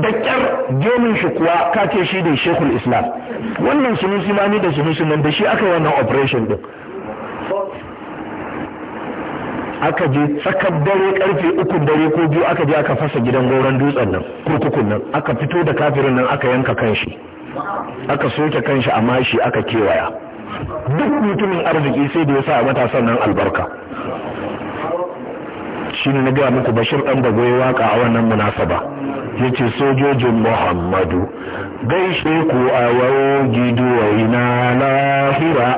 da kyar gemun shi kuwa kace shi da shekul islam wannan sunusi mami da sunusi nan da shi aka yi wannan operation din aka je tsakar dare karfe uku dare ko biyu aka je aka fasa gidan gauran dutsen nan kurkukun nan aka fito da kafirin nan aka yanka kanshi aka soke kanshi a mashi aka kewaya duk mutumin arziki sai da ya sa matasan nan albarka shi ne na gaya muku bashir dan da goyi waka a wannan munasaba ya ce sojojin muhammadu gaishe ku a yau giduwa na lahira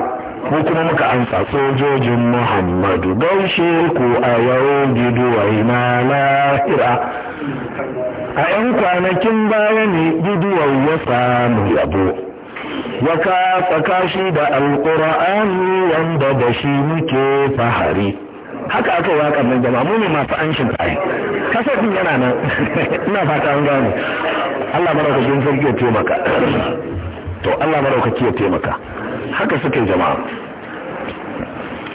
ko kuma muka ansa sojojin muhammadu gaushe ku a yau giduwa na lahira a 'yan kwanakin baya ne giduwar ya samu yabo ya kafa kashi da alkur'ani wanda da shi muke fahari haka aka yi waƙar nan jama'a muni masu anshin tsari kasafin yana nan ina fata an gane allah maraukakin sarki ya taimaka to allah maraukaki ya taimaka haka suke jama'a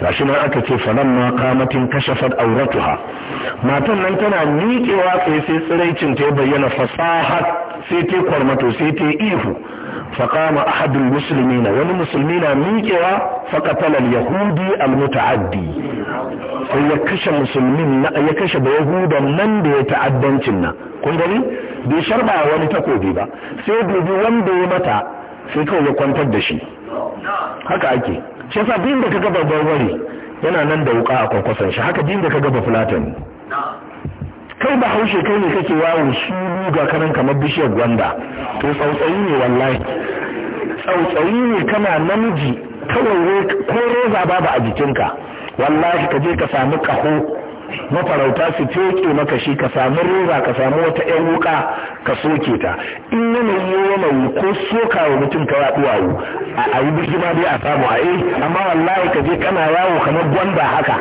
gashi nan aka ce ma kamatin kashafat auratuha matan nan tana miƙewa tsaye sai tsiraicin ta ya bayyana fasaha sai ta kwarmato sai ta ihu faqama Musulmi na. wani musulmi na miƙewa faqatala al-yahudi al-muta'addi sai ya kashe musulmin na ya kashe da yahudan nan da ya ta'addancin nan kun gani bai sharba wani takobi ba sai dubi wanda ya mata sai kawai ya kwantar da shi haka ake shi sa biyun da ka ga babban yana nan da wuka a kwakwasan shi haka biyun da ka gaba bafulatan kai ba haushe kai ne kake wawo su ga kanan kamar bishiyar gwanda to tsautsayi ne wallahi tsautsayi ne kana namiji kawai ko roza babu a jikinka wallahi ka je ka sami kaho mafarauta su teke maka shi ka samu rura ka samu wata yan wuka ka soke ta in yanayi yanayi ko soka wa mutum ka yaɗu a yi dai a samu a yi amma wallahi ka je kana yawo kamar gwanda haka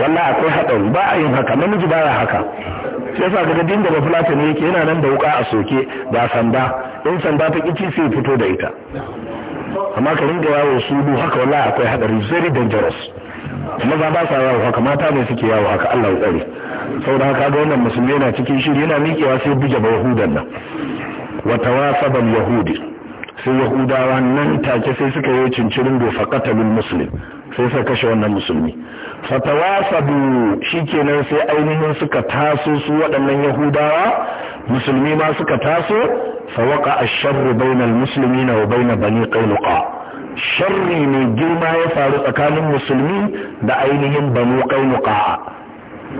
wallahi akwai haɗari ba a yin haka namiji baya haka sai sa ga dinga ba fulata ne yake yana nan da wuka a soke da sanda in sanda ta ƙici sai fito da ita amma ka ringa yawo su haka wallahi akwai haɗari very dangerous maza ba sa yawo haka mata ne suke yawo haka Allah ya tsare saboda haka ga wannan musulmi yana cikin shiri yana miƙewa sai buge ba yahudan nan wa tawasabal yahudi sai yahudawa nan take sai suka yi cincirin do faqatalul muslim sai suka kashe wannan musulmi fatawasabu shikenan sai ainihin suka taso su waɗannan yahudawa musulmi ma suka taso fawaqa ash-sharru bainal muslimina wa bani qainuqa sharri mai girma ya faru tsakanin musulmi da ainihin banu kainuka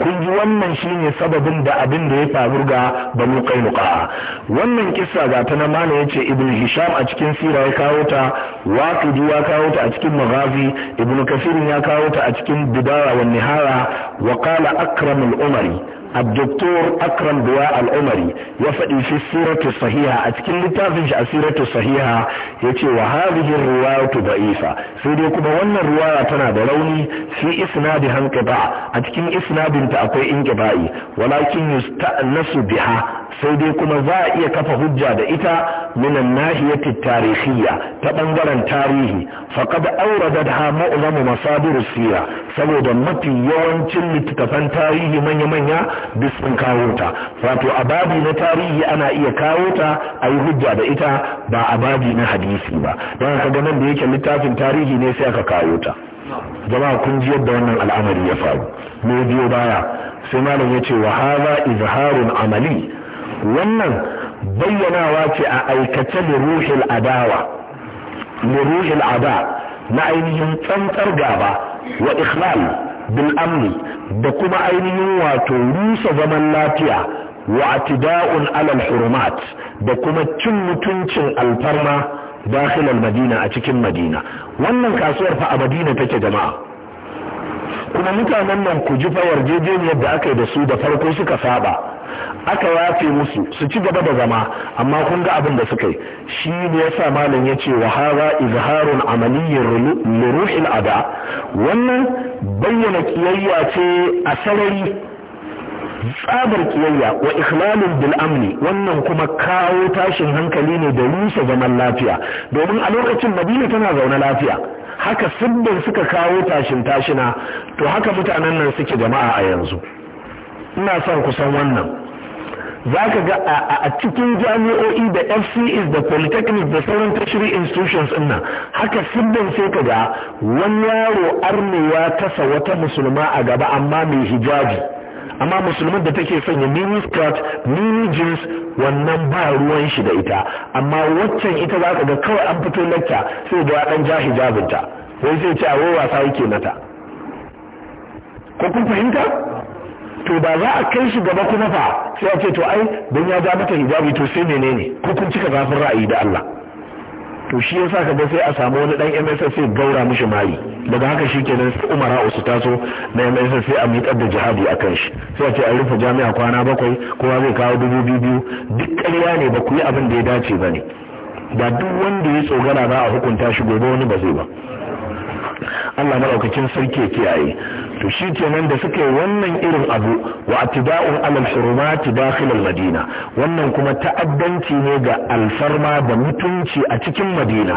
kun ji wannan shine sababin da abin da ya faru ga banu kainuka wannan kisa ga ta na mana ce ibn hisham a cikin sira ya kawo ta waqidi ya kawo ta a cikin magazi ibn kasir ya kawo ta a cikin Bidara wa Nihara, wa qala akramul umari الدكتور أكرم دواء العمري يفدي في السيرة الصحيحة أتكلم لتافج السيرة الصحيحة يتي وهذه الرواية ضعيفة سيدي كما وانا الرواية تنادلوني في إسنادها انقطاع أتكلم إسناد تأقوي انقطاعي ولكن يستأنس بها سيدي كما ذائي كفا هجة إتا من الناحية التاريخية تبنغرا تاريخي فقد أوردتها معظم مصادر السيرة سبودا متي يوانتين لتتفن تاريخي من يمنيا duk sun kawo ta wato ababi na tarihi ana iya kawo ta a yi hujja da ita ba ababi na hadisi ba don ga ganin da yake littafin tarihi ne sai aka kawo ta zama kun ji yadda wannan al'amari ya faru me biyo baya sai malam ya ce wa hadha izharun amali wannan bayyanawa ce a aikace da ruhil adawa da ruhil ada na ainihin tsantsar gaba wa ikhlal bil amni da kuma ainihin wato rusa zaman lafiya wa atida'un alal hurumat da kuma cin mutuncin alfarma dakhilal madina a cikin madina wannan kasuwar fa a madina take jama'a kuma mutanen nan ku ji fa yarjejeniyar da aka yi da su da farko suka saba aka yafe musu su ci gaba da zama amma kun ga abin da suka yi shi ne ya sa malam ya ce wa haza izharun amaliyyin liruhil ada wannan bayyana kiyayya ce a sarari tsabar kiyayya wa ikhlalin bil amni wannan kuma kawo tashin hankali ne da rusa zaman lafiya domin a lokacin madina tana zaune lafiya haka sabbin suka kawo tashin tashina to haka mutanen nan suke jama'a a yanzu ina son kusan wannan za ka ga a cikin jami'o'i da fcs da polytechnic da sauran tertiary institutions nan haka siddin sai ka ga wani yaro armewa ya tasa wata musulma a gaba amma mai hijabi amma musulman da take sanya mini skirt mini jeans wannan ba ruwan shi da ita amma waccan ita za ka ga kawai an fito lacca sai da dan ja hijabinta wai sai ce a wai wasa yake mata ko kun fahimta to ba za a kai shi gaba kuma fa sai a ce to ai don ya ja mata hijabi to sai menene ko kun cika zafin ra'ayi da Allah to shi yasa ka ga sai a samu wani dan MSS sai gaura mishi mali daga haka shi kenan su umara su taso na MSS sai a miƙar da jihadi a kan shi sai a ce an rufe jami'a kwana bakwai kowa zai kawo dubu biyu biyu duk ƙarya ne ba ku yi abin da ya dace ba ne da duk wanda ya tsogana za a hukunta shi gobe wani ba zai ba Allah maraukakin sarki kiyaye to shi kenan da suka yi wannan irin abu wa atiba'un alal hurumati dakhil madina wannan kuma ta'addanci ne ga alfarma da mutunci a cikin madina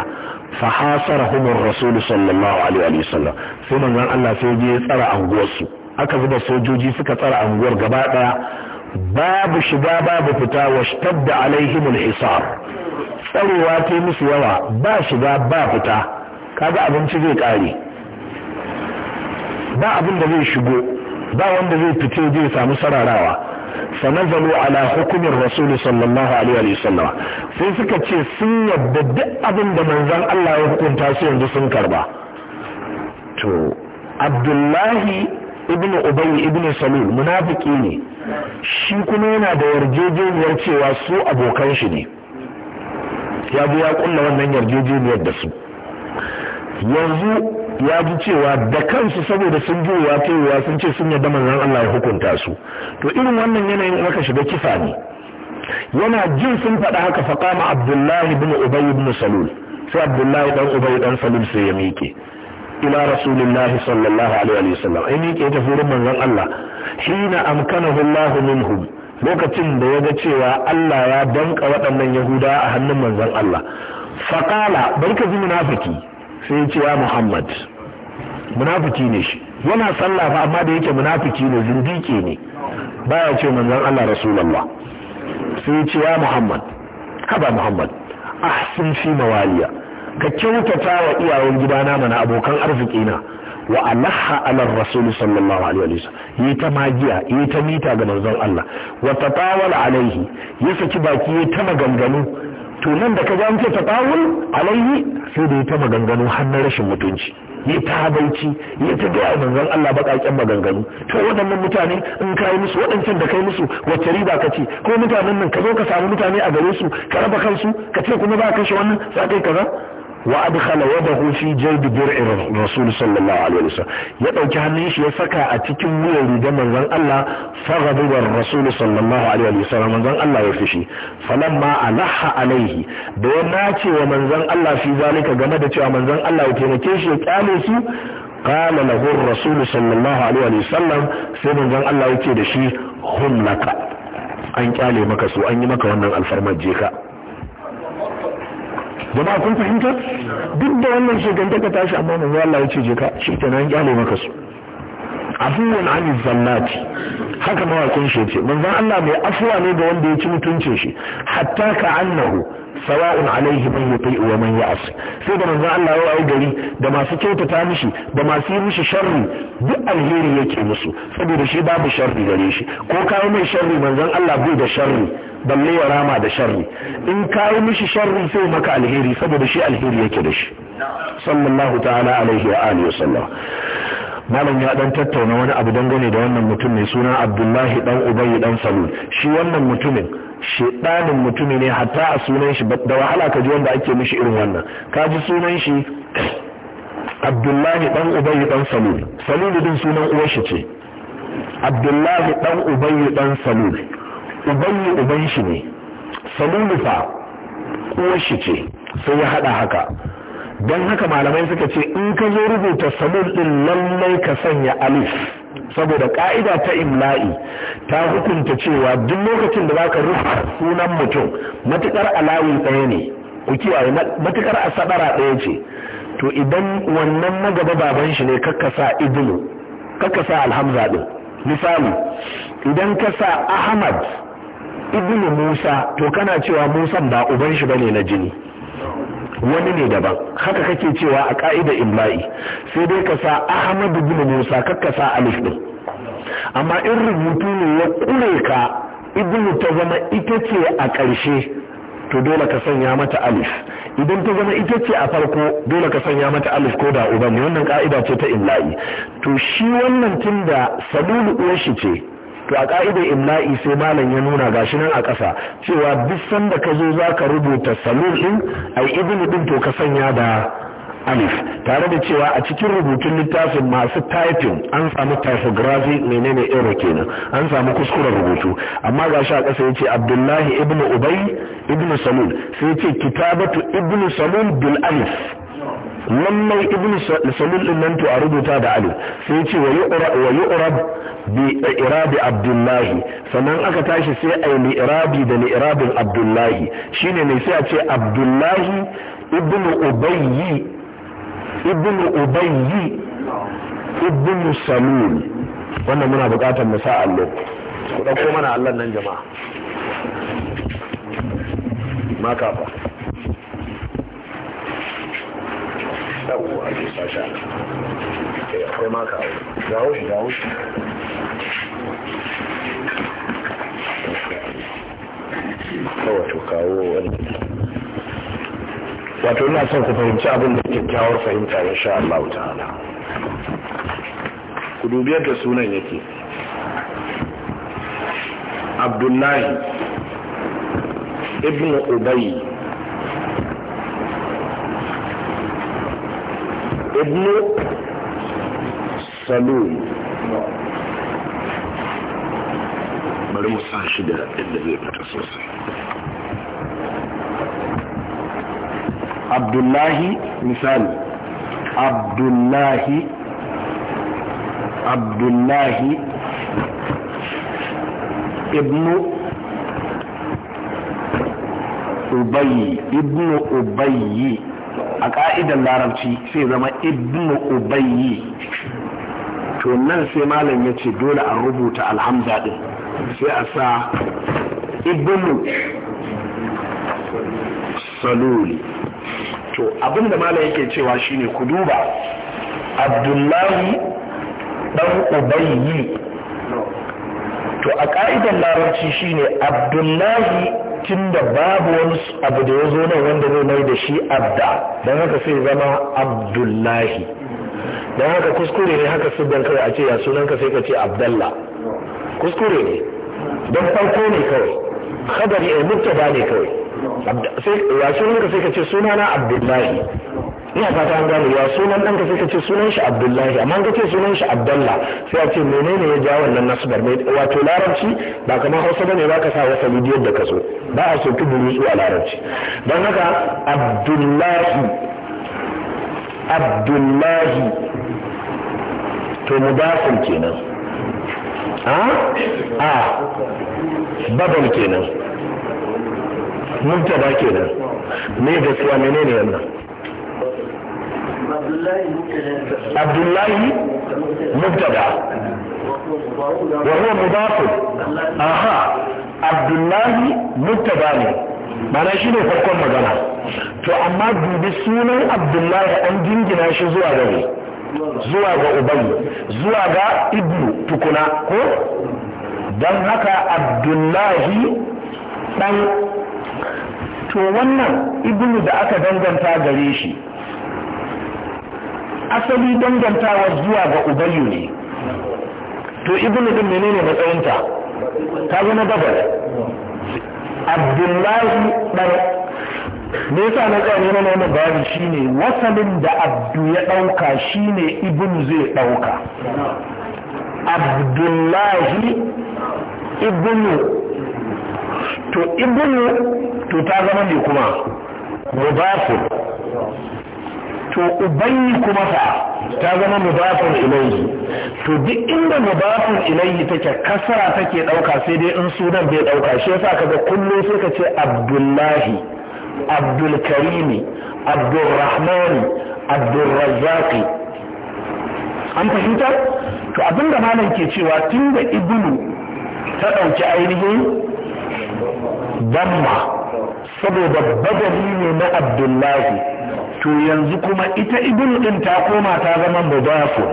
fa hasarahum ar-rasul sallallahu alaihi wa sai manzon Allah sai ya tsara anguwar su aka zuba sojoji suka tsara anguwar gaba daya babu shiga babu fita washtadda alaihim al-hisar tsarewa ta musu yawa ba shiga ba fita kaga abinci zai kare ba abin da zai shigo ba wanda zai fito zai samu sararawa sanazalu ala hukumin rasul sallallahu alaihi wa sallam sai suka ce sun yadda duk abin da manzon Allah ya hukunta su yanzu sun karba to abdullahi ibn ubay ibn salul munafiki ne shi kuma yana da yarjejeniyar cewa su abokan shi ne ya bi ya kulla wannan yarjejeniyar da su yanzu ya ji cewa da kansu saboda sun ji wa kaiwa sun ce sun yadda manzan Allah ya hukunta su to irin wannan yanayin aka shiga kisa ne yana jin sun faɗa haka faqama Abdullahi ibn Ubay ibn Salul sai Abdullahi dan Ubay dan Salul sai ya miƙe ila rasulillahi sallallahu alaihi wa sallam ai miƙe ta furin manzan Allah hina amkanahu Allah minhum lokacin da ya ga cewa Allah ya danka waɗannan Yahuda a hannun manzan Allah faqala barka ji munafiki sai ce ya muhammad munafiki ne shi yana sallah fa amma da yake munafiki ne zindiki ne baya ce manzon Allah rasulullah sai ce ya muhammad haba muhammad ahsin fi mawaliya ka kyautata wa iyayen gidana mana abokan arziki na wa alaha ala rasul sallallahu alaihi wa wasallam yi ta magiya yi ta mita ga manzon Allah wa tatawala alaihi ya saki baki yi ta maganganu to nan da ka ga an ce tawul alaihi sai da ta maganganu har na rashin mutunci ya ta habaici ya ta gaya manzon Allah baƙaƙen maganganu to waɗannan mutane in ka yi musu waɗancan da kai musu wacce riba ka ce ko mutanen nan ka zo ka samu mutane a gare su ka raba kansu ka ce kuma ba kashe wannan sai kai kaza wa adkhala yadahu fi jaybi dir'i rasul sallallahu alaihi ya dauki hannun shi ya saka a cikin wuyan riga manzon Allah faghadiba rasul sallallahu alaihi wasallam manzon Allah ya fishi falamma alaha alaihi da ya nace wa Manzan Allah fi zalika game da cewa Manzan Allah ya taimake shi ya kyale su qala lahu rasul sallallahu alaihi wasallam sai manzon Allah yake da shi hum an kyale maka su an yi maka wannan alfarmar jeka. jama'a kun fahimta duk da wannan shigantaka tashi amma manzo Allah ya ce je ka shi kenan kyale maka su afuwan an zallati haka mawakin shi ce manzon Allah mai afuwa ne ga wanda ya ci mutuncin shi hatta ka annahu sawa'un alaihi man yuti wa man ya'si sai da manzon Allah ya gari da masu kyautata mishi da masu yi mishi sharri duk alheri yake musu saboda shi babu sharri gare shi ko kai mai sharri manzon Allah bai da sharri balle ya rama da sharri in kai mishi sharri sai maka alheri saboda shi alheri yake da shi sallallahu ta'ala alaihi wa alihi wa sallam malam ya dan tattauna wani abu dangane da wannan mutum mai suna abdullahi dan ubayi dan salul shi wannan mutumin shedanin mutumi ne hatta a sunan shi da wahala ka ji wanda ake mishi irin wannan ka ji sunan shi abdullahi dan ubayi dan salul salul din sunan uwar shi ce abdullahi dan ubayi dan salul ubayi uban shi ne salulu fa uwar shi ce sai ya hada haka don haka malamai suka ce in ka zo rubuta samul ɗin lallai ka sanya alif saboda ka'ida ta imla'i ta hukunta cewa duk lokacin da za ka rufa sunan mutum matukar alawi ɗaya ne ku kiyaye matukar asadara ɗaya ce to idan wannan na baban shi ne kakkasa ibnu kakkasa alhamza ɗin misali idan ka sa ahmad ibnu musa to kana cewa musan ba uban shi bane na jini wani ne daban haka kake cewa a ka'ida imla'i sai dai ka sa ahmadu bin musa kakka sa alif ɗin amma in rubutu ne ya kure ka ibnu ta zama ita ce a ƙarshe to dole ka sanya mata alif idan ta zama ita ce a farko dole ka sanya mata alif ko da uban ne wannan ƙa'ida ce ta imla'i to shi wannan tunda salulu uwar shi ce to a ƙa'idar imla'i sai malam ya nuna gashi nan a ƙasa cewa duk sanda ka zo za ka rubuta salul ɗin ai ibnu ɗin to ka sanya da alif tare da cewa a cikin rubutun littafin masu typing an samu typography menene ero kenan an samu kuskuren rubutu amma ga shi a ƙasa ya ce abdullahi ibn Ubai, ibn salul sai ce kitabatu ibn salul bil alif lallai ibn salul din nan to a rubuta da alif sai ce wa yu'rab bi irabi abdullahi sannan aka tashi sai a yi irabi da irabin abdullahi shine mai sai a ce abdullahi ibnu ubayyi ibnu ubayyi ibnu salul wannan muna bukatar mu sa allo ku dauko mana allon nan jama'a maka ba yawwa ke sasha eh, akwai maka ga wuce ga wuce wato kawo wani wato ina son ku fahimci abin da kyakkyawar fahimta sha Allah hana ku dubi yadda sunan yake abdullahi ibn ubayi ibn salul bari mu sa shi da yadda zai fata sosai abdullahi misali abdullahi abdullahi ibnu ubayi ibnu ubayi a ka'idar larabci sai zama ibnu ubayi to nan sai malam ya ce dole a rubuta alhamza din sai a sa ibnu saluli to abinda mala yake cewa shine ku duba abdullahi dan ubayyi to a ka'idan larabci shine abdullahi tun babu wani abu da ya zo nan wanda zai mai da shi abda don haka sai zama abdullahi don haka kuskure ne haka su kai a ce ya sunanka sai ka ce abdallah kuskure ne don farko ne kawai khabari a eh, mubtada ne kawai sai wasu ka sai ka ce sunana abdullahi ina fata an gano ya sunan danka sai ka ce sunan shi abdullahi amma ka ce sunan shi abdalla sai a ce menene ya ja wannan nasbar mai wato larabci ba kamar hausa bane ba ka sa wata bidiyon da ka so ba a so ki burutsu a larabci don haka abdullahi abdullahi to mudafin kenan a babal kenan mubtada kenan me gaskiya menene wannan abdullahi mubtada wa huwa mudaf aha abdullahi mubtada ne mana shi ne farkon magana to amma dubi sunan abdullahi an jingina shi zuwa gare zuwa ga ubayi zuwa ga ibnu tukuna ko don haka abdullahi dan to wannan ibnu da aka danganta gare shi asali dangantawa zuwa ga ubayu ne to ibnu din menene matsayinta ta zama dabar abdullahi dan me yasa na tsaya neman wannan bayani shine wasalin da abdu ya ɗauka shine ibn zai ɗauka abdullahi ibn to ibn to ta zama ne kuma mudafin to ubayi kuma fa ta zama mudafin ilayhi to duk inda mudafin ilayhi take kasara take dauka sai dai in sunan bai dauka shi yasa kaga kullum sai ka ce abdullahi abdulkarimi Abdulrahman abdulrazaki an fahimta to abinda malam ke cewa tun da ibnu ta ɗauki ainihin damma saboda badali ne na abdullahi to yanzu kuma ita ibnu ɗin ta koma ta zama mudafu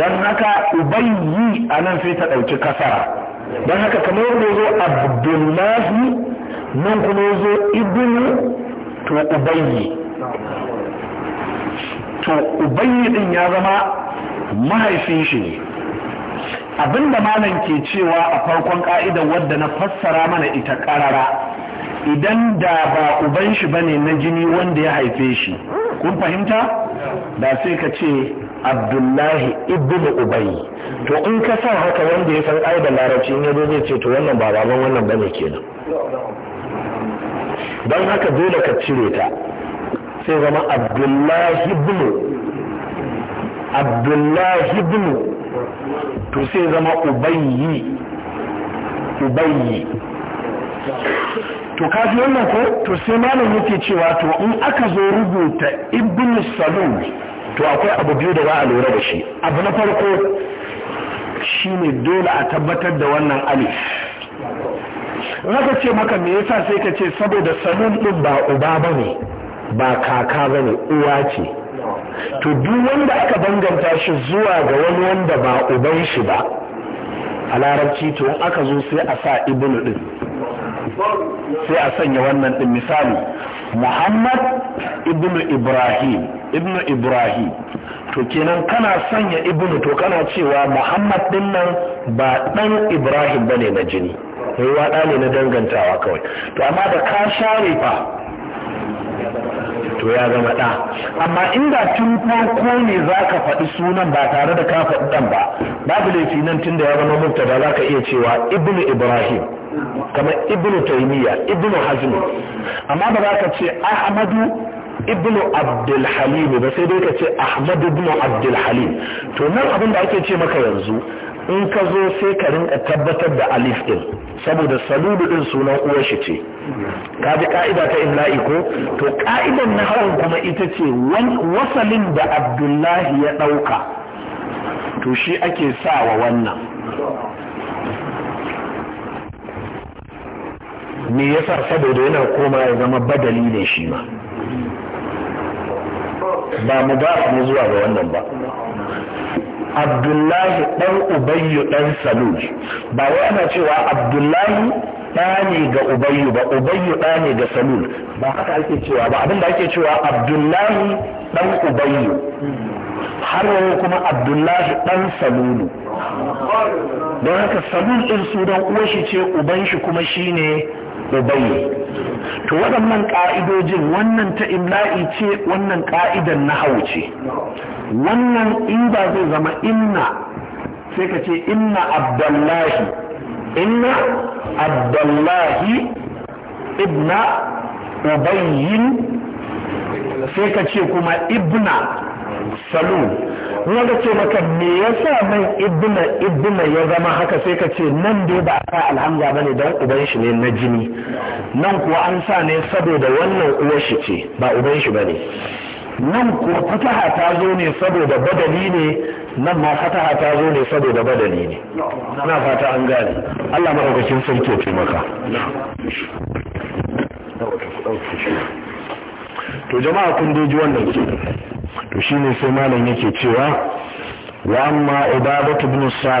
don haka ubayyi a nan sai ta ɗauki kasara don haka kamar da zo abdullahi nan kuma ya zo ibnu to ubayyi to din ya zama mahaifin shi ne abinda malam ke cewa a farkon ka'idar wadda na fassara mana ita karara idan da ba uban shi bane na jini wanda ya haife shi kun fahimta da sai ka ce abdullahi ibnu ubayyi to in ka sa haka wanda ya san ai larabci in yazo zai ce to wannan ba baban wannan bane kenan don haka dole ka cire ta sai zama abdullahi ibn abdullahi ibn to sai zama ubayyi ubayyi to kafi wannan ko to sai malam yake cewa to in aka zo rubuta ibn salul to akwai abu biyu da za a lura da shi abu na farko shine dole a tabbatar da wannan alif naka ce maka me yasa sai ka ce saboda sanun ɗin ba uba ba ba kaka bane uwa ce to duk wanda aka danganta shi zuwa ga wani wanda ba uban shi ba a larabci to in aka zo sai a sa ibnu ɗin sai a sanya wannan ɗin misali muhammad ibnu ibrahim ibnu ibrahim to kenan kana sanya ibnu to kana cewa muhammad din nan ba ɗan ibrahim bane na jini ruwa ɗa ne na dangantawa kawai to amma da ka share fa to ya zama ɗa amma inda tun farko ne za ka faɗi sunan ba tare da ka faɗi ɗan ba babu laifi nan tun da ya zama da za ka iya cewa ibnu ibrahim kamar ibnu taimiyya ibnu hazmi amma ba za ka ce ahmadu ibnu abdulhalim ba sai dai ka ce ahmadu ibnu abdulhalim to nan abin da ake ce maka yanzu in ka zo sai ka rinka tabbatar da alif din saboda salulu din sunan uwar shi ce kaji ka'ida ta imla'i ko to ka'idan na hawan kuma ita ce wasalin da abdullahi ya ɗauka to shi ake sawa wannan me yasa saboda yana koma ya zama badali ne shi ma ba mu ne zuwa ga wannan ba abdullahi ɗan ubayyu ɗan salul ba wai ana cewa abdullahi ɗa ga ubayyu ba ubayyu ɗa ga salul ba haka ake cewa ba abinda ake cewa abdullahi ɗan ubayyu har yau kuma abdullahi ɗan salulu don haka salul ɗin su don uwa shi ce uban shi kuma shine ubayi to waɗannan ƙa'idojin wannan ta imla'i ce wannan ƙa'idan na ce wannan inda zai zama inna sai ka ce inna abdullahi inna abdullahi ibna ubayyin sai ka ce kuma ibna salul wanda ce maka me yasa mai ibna ibna ya zama haka sai ka ce nan dai ba a sa alhamza bane dan uban shi ne na jini nan kuwa an sa ne saboda wannan uwar shi ce ba uban shi bane nan kuwa fataha ta zo ne saboda badali ne nan ma fataha ta zo ne saboda badali ne na fata an gane Allah madaukakin sarki ya taimaka to jama'a kun doji wannan su to shine sai malam yake cewa wa amma ibadatu ibn sami